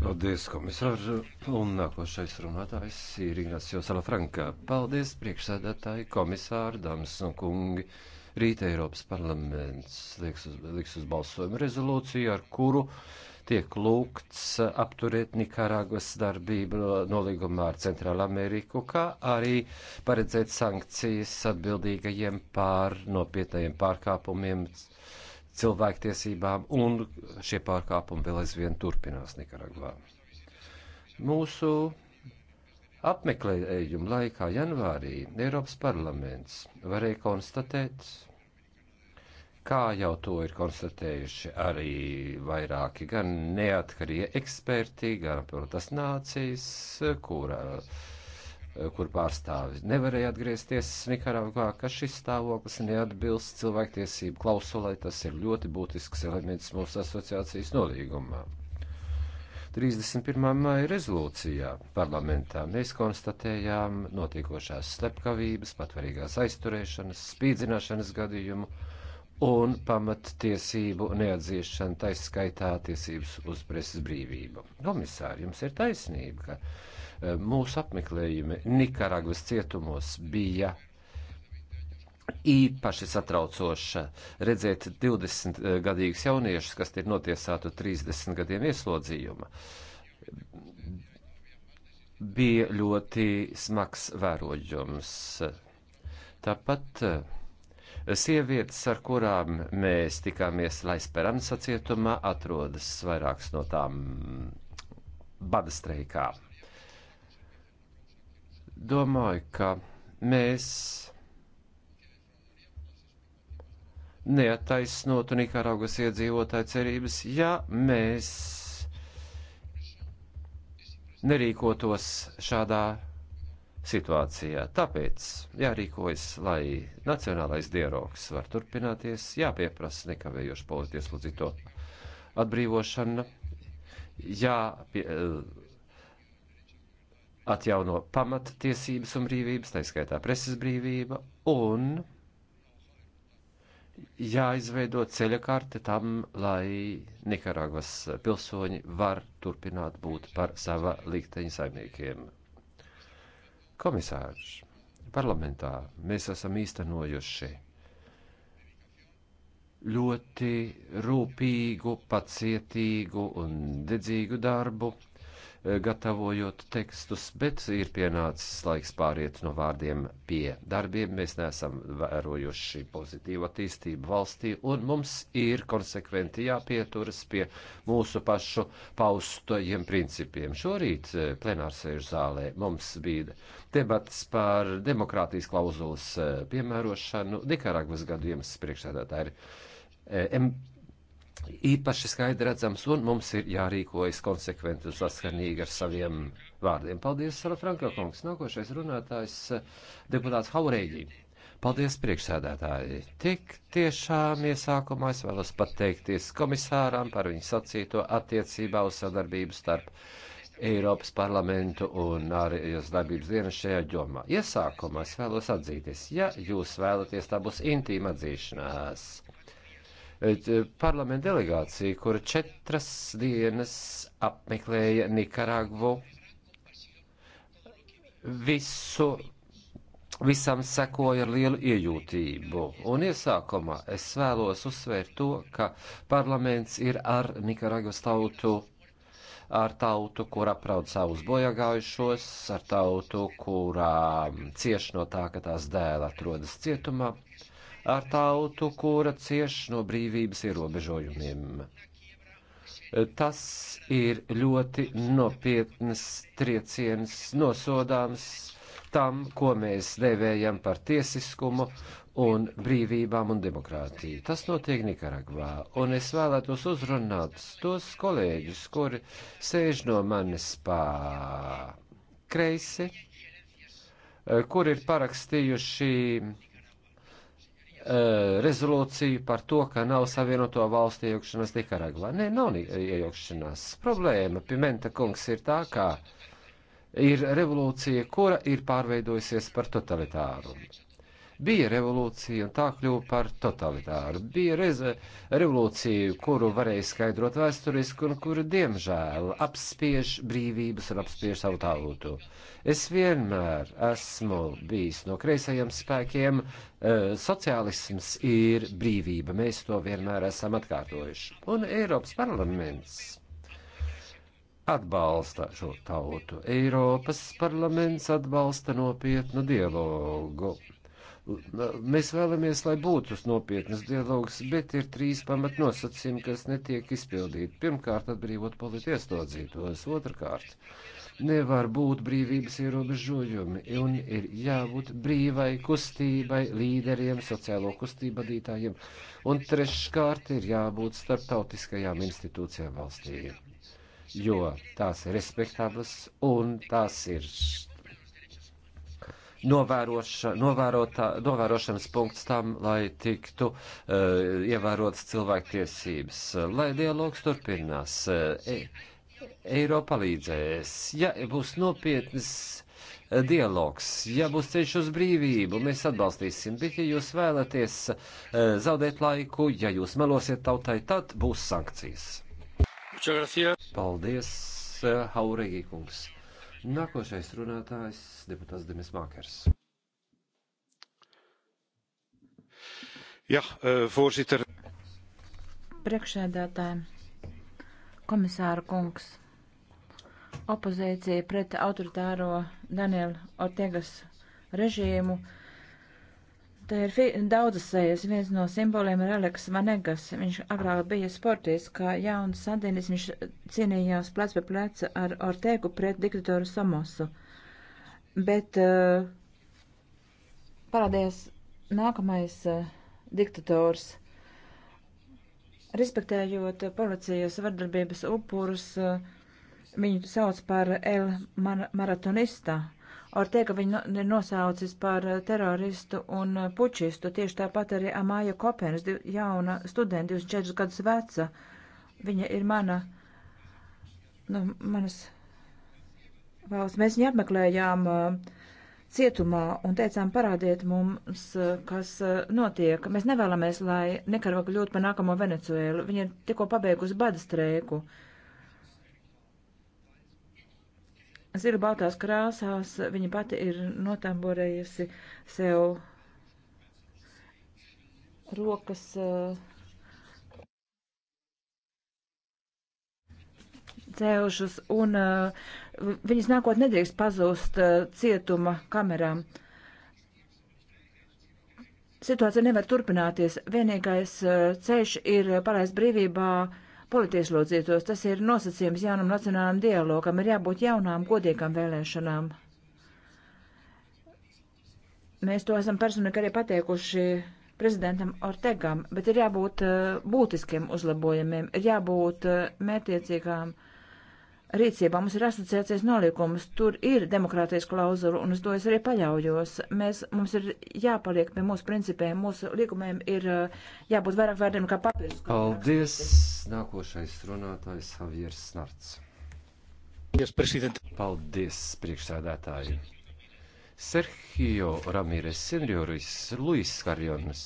Paldies, komisār! Un nākošais runātājs ir Ignacio Salafranka. Paldies, priekšsēdētāji, komisāri, dāmas un kungi! Rīt Eiropas parlaments liks uz, liks uz balsojumu rezolūciju, ar kuru tiek lūgts apturēt Nikaragvas darbību nolīgumā ar Centrālu Ameriku, kā arī paredzēt sankcijas atbildīgajiem pār nopietnējiem pārkāpumiem cilvēktiesībām, un šie pārkāpumi vēl aizvien turpinās Nikaragvā. Mūsu apmeklējuma laikā janvārī Eiropas parlaments varēja konstatēt, kā jau to ir konstatējuši arī vairāki gan neatkarīgi eksperti, gan, protams, nācijas, kura, kur pārstāvis nevarēja atgriezties Nikaragvā, ka šis stāvoklis neatbilst cilvēktiesību klausulai, tas ir ļoti būtisks elements mūsu asociācijas nolīgumā. 31. māja rezolūcijā parlamentā mēs konstatējām notiekošās slepkavības, patvarīgās aizturēšanas, spīdzināšanas gadījumu un pamattiesību neatzīšana, taiskaitā tiesības uz preses brīvību. Komisāri, jums ir taisnība, ka eh, mūsu apmeklējumi Nikaragvas cietumos bija īpaši satraucoša redzēt 20-gadīgus eh, jauniešus, kas ir notiesāti 30 gadiem ieslodzījuma. Bija ļoti smags vērojums. Tāpat uh, Sievietes, ar kurām mēs tikāmies Laisperansa cietumā, atrodas vairākas no tām bada streikā. Domāju, ka mēs neattaisnotu Nikaragvas iedzīvotāju cerības, ja mēs nerīkotos šādā situācijā. Tāpēc jārīkojas, lai nacionālais dialogs var turpināties, jāpieprasa nekavējoši politi ieslodzīto atbrīvošana, jāpie, eh, atjauno pamattiesības un brīvības, tā skaitā preses brīvība, un jāizveido ceļa karte tam, lai Nikaragvas pilsoņi var turpināt būt par sava likteņa saimniekiem. Komisārs, parlamentā mēs esam īstenojuši ļoti rūpīgu, pacietīgu un dedzīgu darbu Eh, gatavojot tekstus, bet ir pienācis laiks pāriet no vārdiem pie darbiem. Mēs neesam vērojuši pozitīvu attīstību valstī, un mums ir konsekventi jāpieturas pie mūsu pašu paustajiem principiem. Šorīt eh, plenārsēžu zālē mums bija debats par demokrātijas klauzulas eh, piemērošanu Nikaragvas gadu iemesls priekšsēdētāji īpaši skaidri redzams, un mums ir jārīkojas konsekventi un saskanīgi ar saviem vārdiem. Paldies, Sara Franko kungs. Nākošais runātājs eh, deputāts Haurēģi. Paldies, priekšsēdētāji. Tik tiešām iesākumā es vēlos pateikties komisāram par viņu sacīto attiecībā uz sadarbību starp Eiropas parlamentu un ārējās darbības dienas šajā ģomā. Iesākumā es vēlos atzīties, ja jūs vēlaties, tā būs intīma atzīšanās Eh, parlamenta delegācija, kura četras dienas apmeklēja Nikaragvu visu. Visam sekoja ar lielu iejūtību, un iesākumā es vēlos uzsvērt to, ka parlaments ir ar Nikaragvas tautu ar tautu, kur apraud savus bojāgājušos, ar tautu, kurā mm, cieš no tā, ka tās dēla atrodas cietumā ar tautu, kura cieš no brīvības ierobežojumiem. Tas ir ļoti nopietnas trieciens, nosodāms tam, ko mēs devējam par tiesiskumu un brīvībām un demokrātiju. Tas notiek Nikaragvā, un es vēlētos uzrunāt tos kolēģus, kuri sēž no manis pa kreisi, kur ir parakstījuši Eh, rezolūciju par to, ka nav savienoto valstu iejaukšanās Nikaragvā. Nē, nav iejaukšanās. Problēma, Pimenta kungs, ir tā, ka ir revolūcija, kura ir pārveidojusies par totalitāru. Bija revolūcija un tā kļuva par totalitāru. Bija reze, revolūcija, kuru varēja skaidrot vēsturiski un kura, diemžēl, apspiež brīvības un apspiež savu tautu. Es vienmēr esmu bijis no kreisajiem spēkiem. Eh, sociālisms ir brīvība. Mēs to vienmēr esam atkārtojuši. Un Eiropas parlaments atbalsta šo tautu. Eiropas parlaments atbalsta nopietnu dialogu. Mēs vēlamies, lai būtu nopietnas dialogs, bet ir trīs pamatnosacījumi, kas netiek izpildīti. Pirmkārt, atbrīvot politieslodzītos, otrkārt, nevar būt brīvības ierobežojumi, un ir jābūt brīvai kustībai, līderiem, sociālo kustību vadītājiem, un treškārt ir jābūt starptautiskajām institūcijām valstī, jo tās ir respektablas un tās ir novēroša, novērota, novērošanas punkts tam, lai tiktu uh, ievērotas cilvēktiesības, lai dialogs turpinās. Eh, e Eiropa palīdzēs, ja būs nopietnas eh, dialogs. Ja būs ceļš uz brīvību, mēs atbalstīsim, bet ja jūs vēlaties zaudēt laiku, ja jūs melosiet tautai, tad būs sankcijas. Paldies, Haurīgi kungs. Nākošais runātājs - deputāts Demis Mākers. Jā, e, voorzitter. Priekšsēdētāji, komisāra kungs, opozīcija pret autoritāro Daniela Ortegas režīmu Tā ir daudzas sejas. Viens no simboliem ir Aleks Vanegas. Viņš agrāk bija sportis, kā jauns sandienis. Viņš cīnījās plec pie pleca ar Ortegu pret diktatoru Samosu. Bet uh, parādījās nākamais uh, diktators. Respektējot policijas vardarbības upurus, uh, viņu sauc par El Mar Maratonista. Ortega viņu ir nosaucis par eh, teroristu un eh, pučistu. Tieši tāpat arī Amāja Kopenis, jauna studenta, 24 gadus veca. Viņa ir mana, nu, manas valsts. Mēs viņu apmeklējām eh, cietumā un teicām, parādiet mums, kas notiek. Mēs nevēlamies, lai Nikaragva kļūtu par nākamo Venecuēlu. Viņa ir tikko pabeigusi bada streiku. Uh, zila baltās krāsās viņa pati ir notamborējusi sev rokas. Eh, Cēlušas, un uh, viņas nākotnē nedrīkst pazūst uh, eh, cietuma kamerām. Situācija nevar turpināties. Vienīgais uh, ceļš ir palaist brīvībā uh, politieslodzītos. Tas ir nosacījums jaunam nacionālam dialogam, ir jābūt jaunām, godīgām vēlēšanām. Mēs to esam personīgi arī pateikuši prezidentam Ortegam, bet ir jābūt eh, būtiskiem uzlabojumiem, ir jābūt eh, mētiecīgām. Uh, rīcībā mums ir asociācijas noliekums, tur ir demokrātijas klauzula, un uz to es arī paļaujos. Mēs, mums ir jāpaliek pie mūsu principiem, mūsu likumiem ir uh, jābūt vairāk vērtiem kā papildus. Paldies! Nākošais runātājs Javieris Snarts. Paldies, prezident. Paldies, priekšsēdētāji. Sergio Ramírez, Senrioris, Luis Karjonas.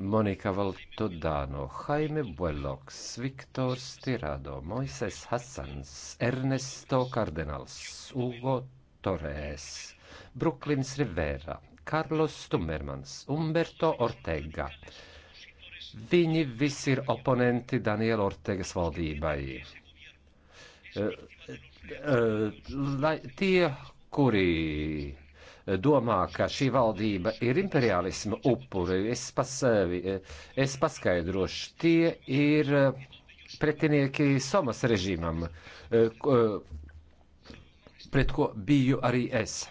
Monika Valtudāno, Jaime Bueloks, Viktors Tirado, Moises Hasans, Ernesto Kardenals, Ugo Torres, Bruklins Rivera, Karlos Stumermans, Umberto Ortega. Viņi visi ir oponenti Daniela Ortegas valdībai. Uh, uh, lai tie, kuri domā, ka šī valdība ir imperialisma upuri, es, pas, es paskaidrošu, tie ir pretinieki Somas režīmam, pret ko biju arī es.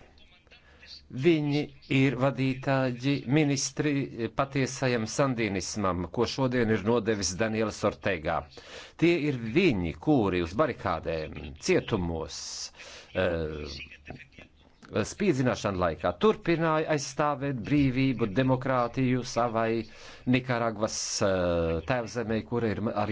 Viņi ir vadītāji ministri patiesajam sandīnismam, ko šodien ir nodevis Daniels Ortegā. Tie ir viņi, kuri uz barikādēm, cietumos, uh, spīdzināšana laikā turpināja aizstāvēt brīvību, demokrātiju savai Nikaragvas eh, tēvzemē, kura ir arī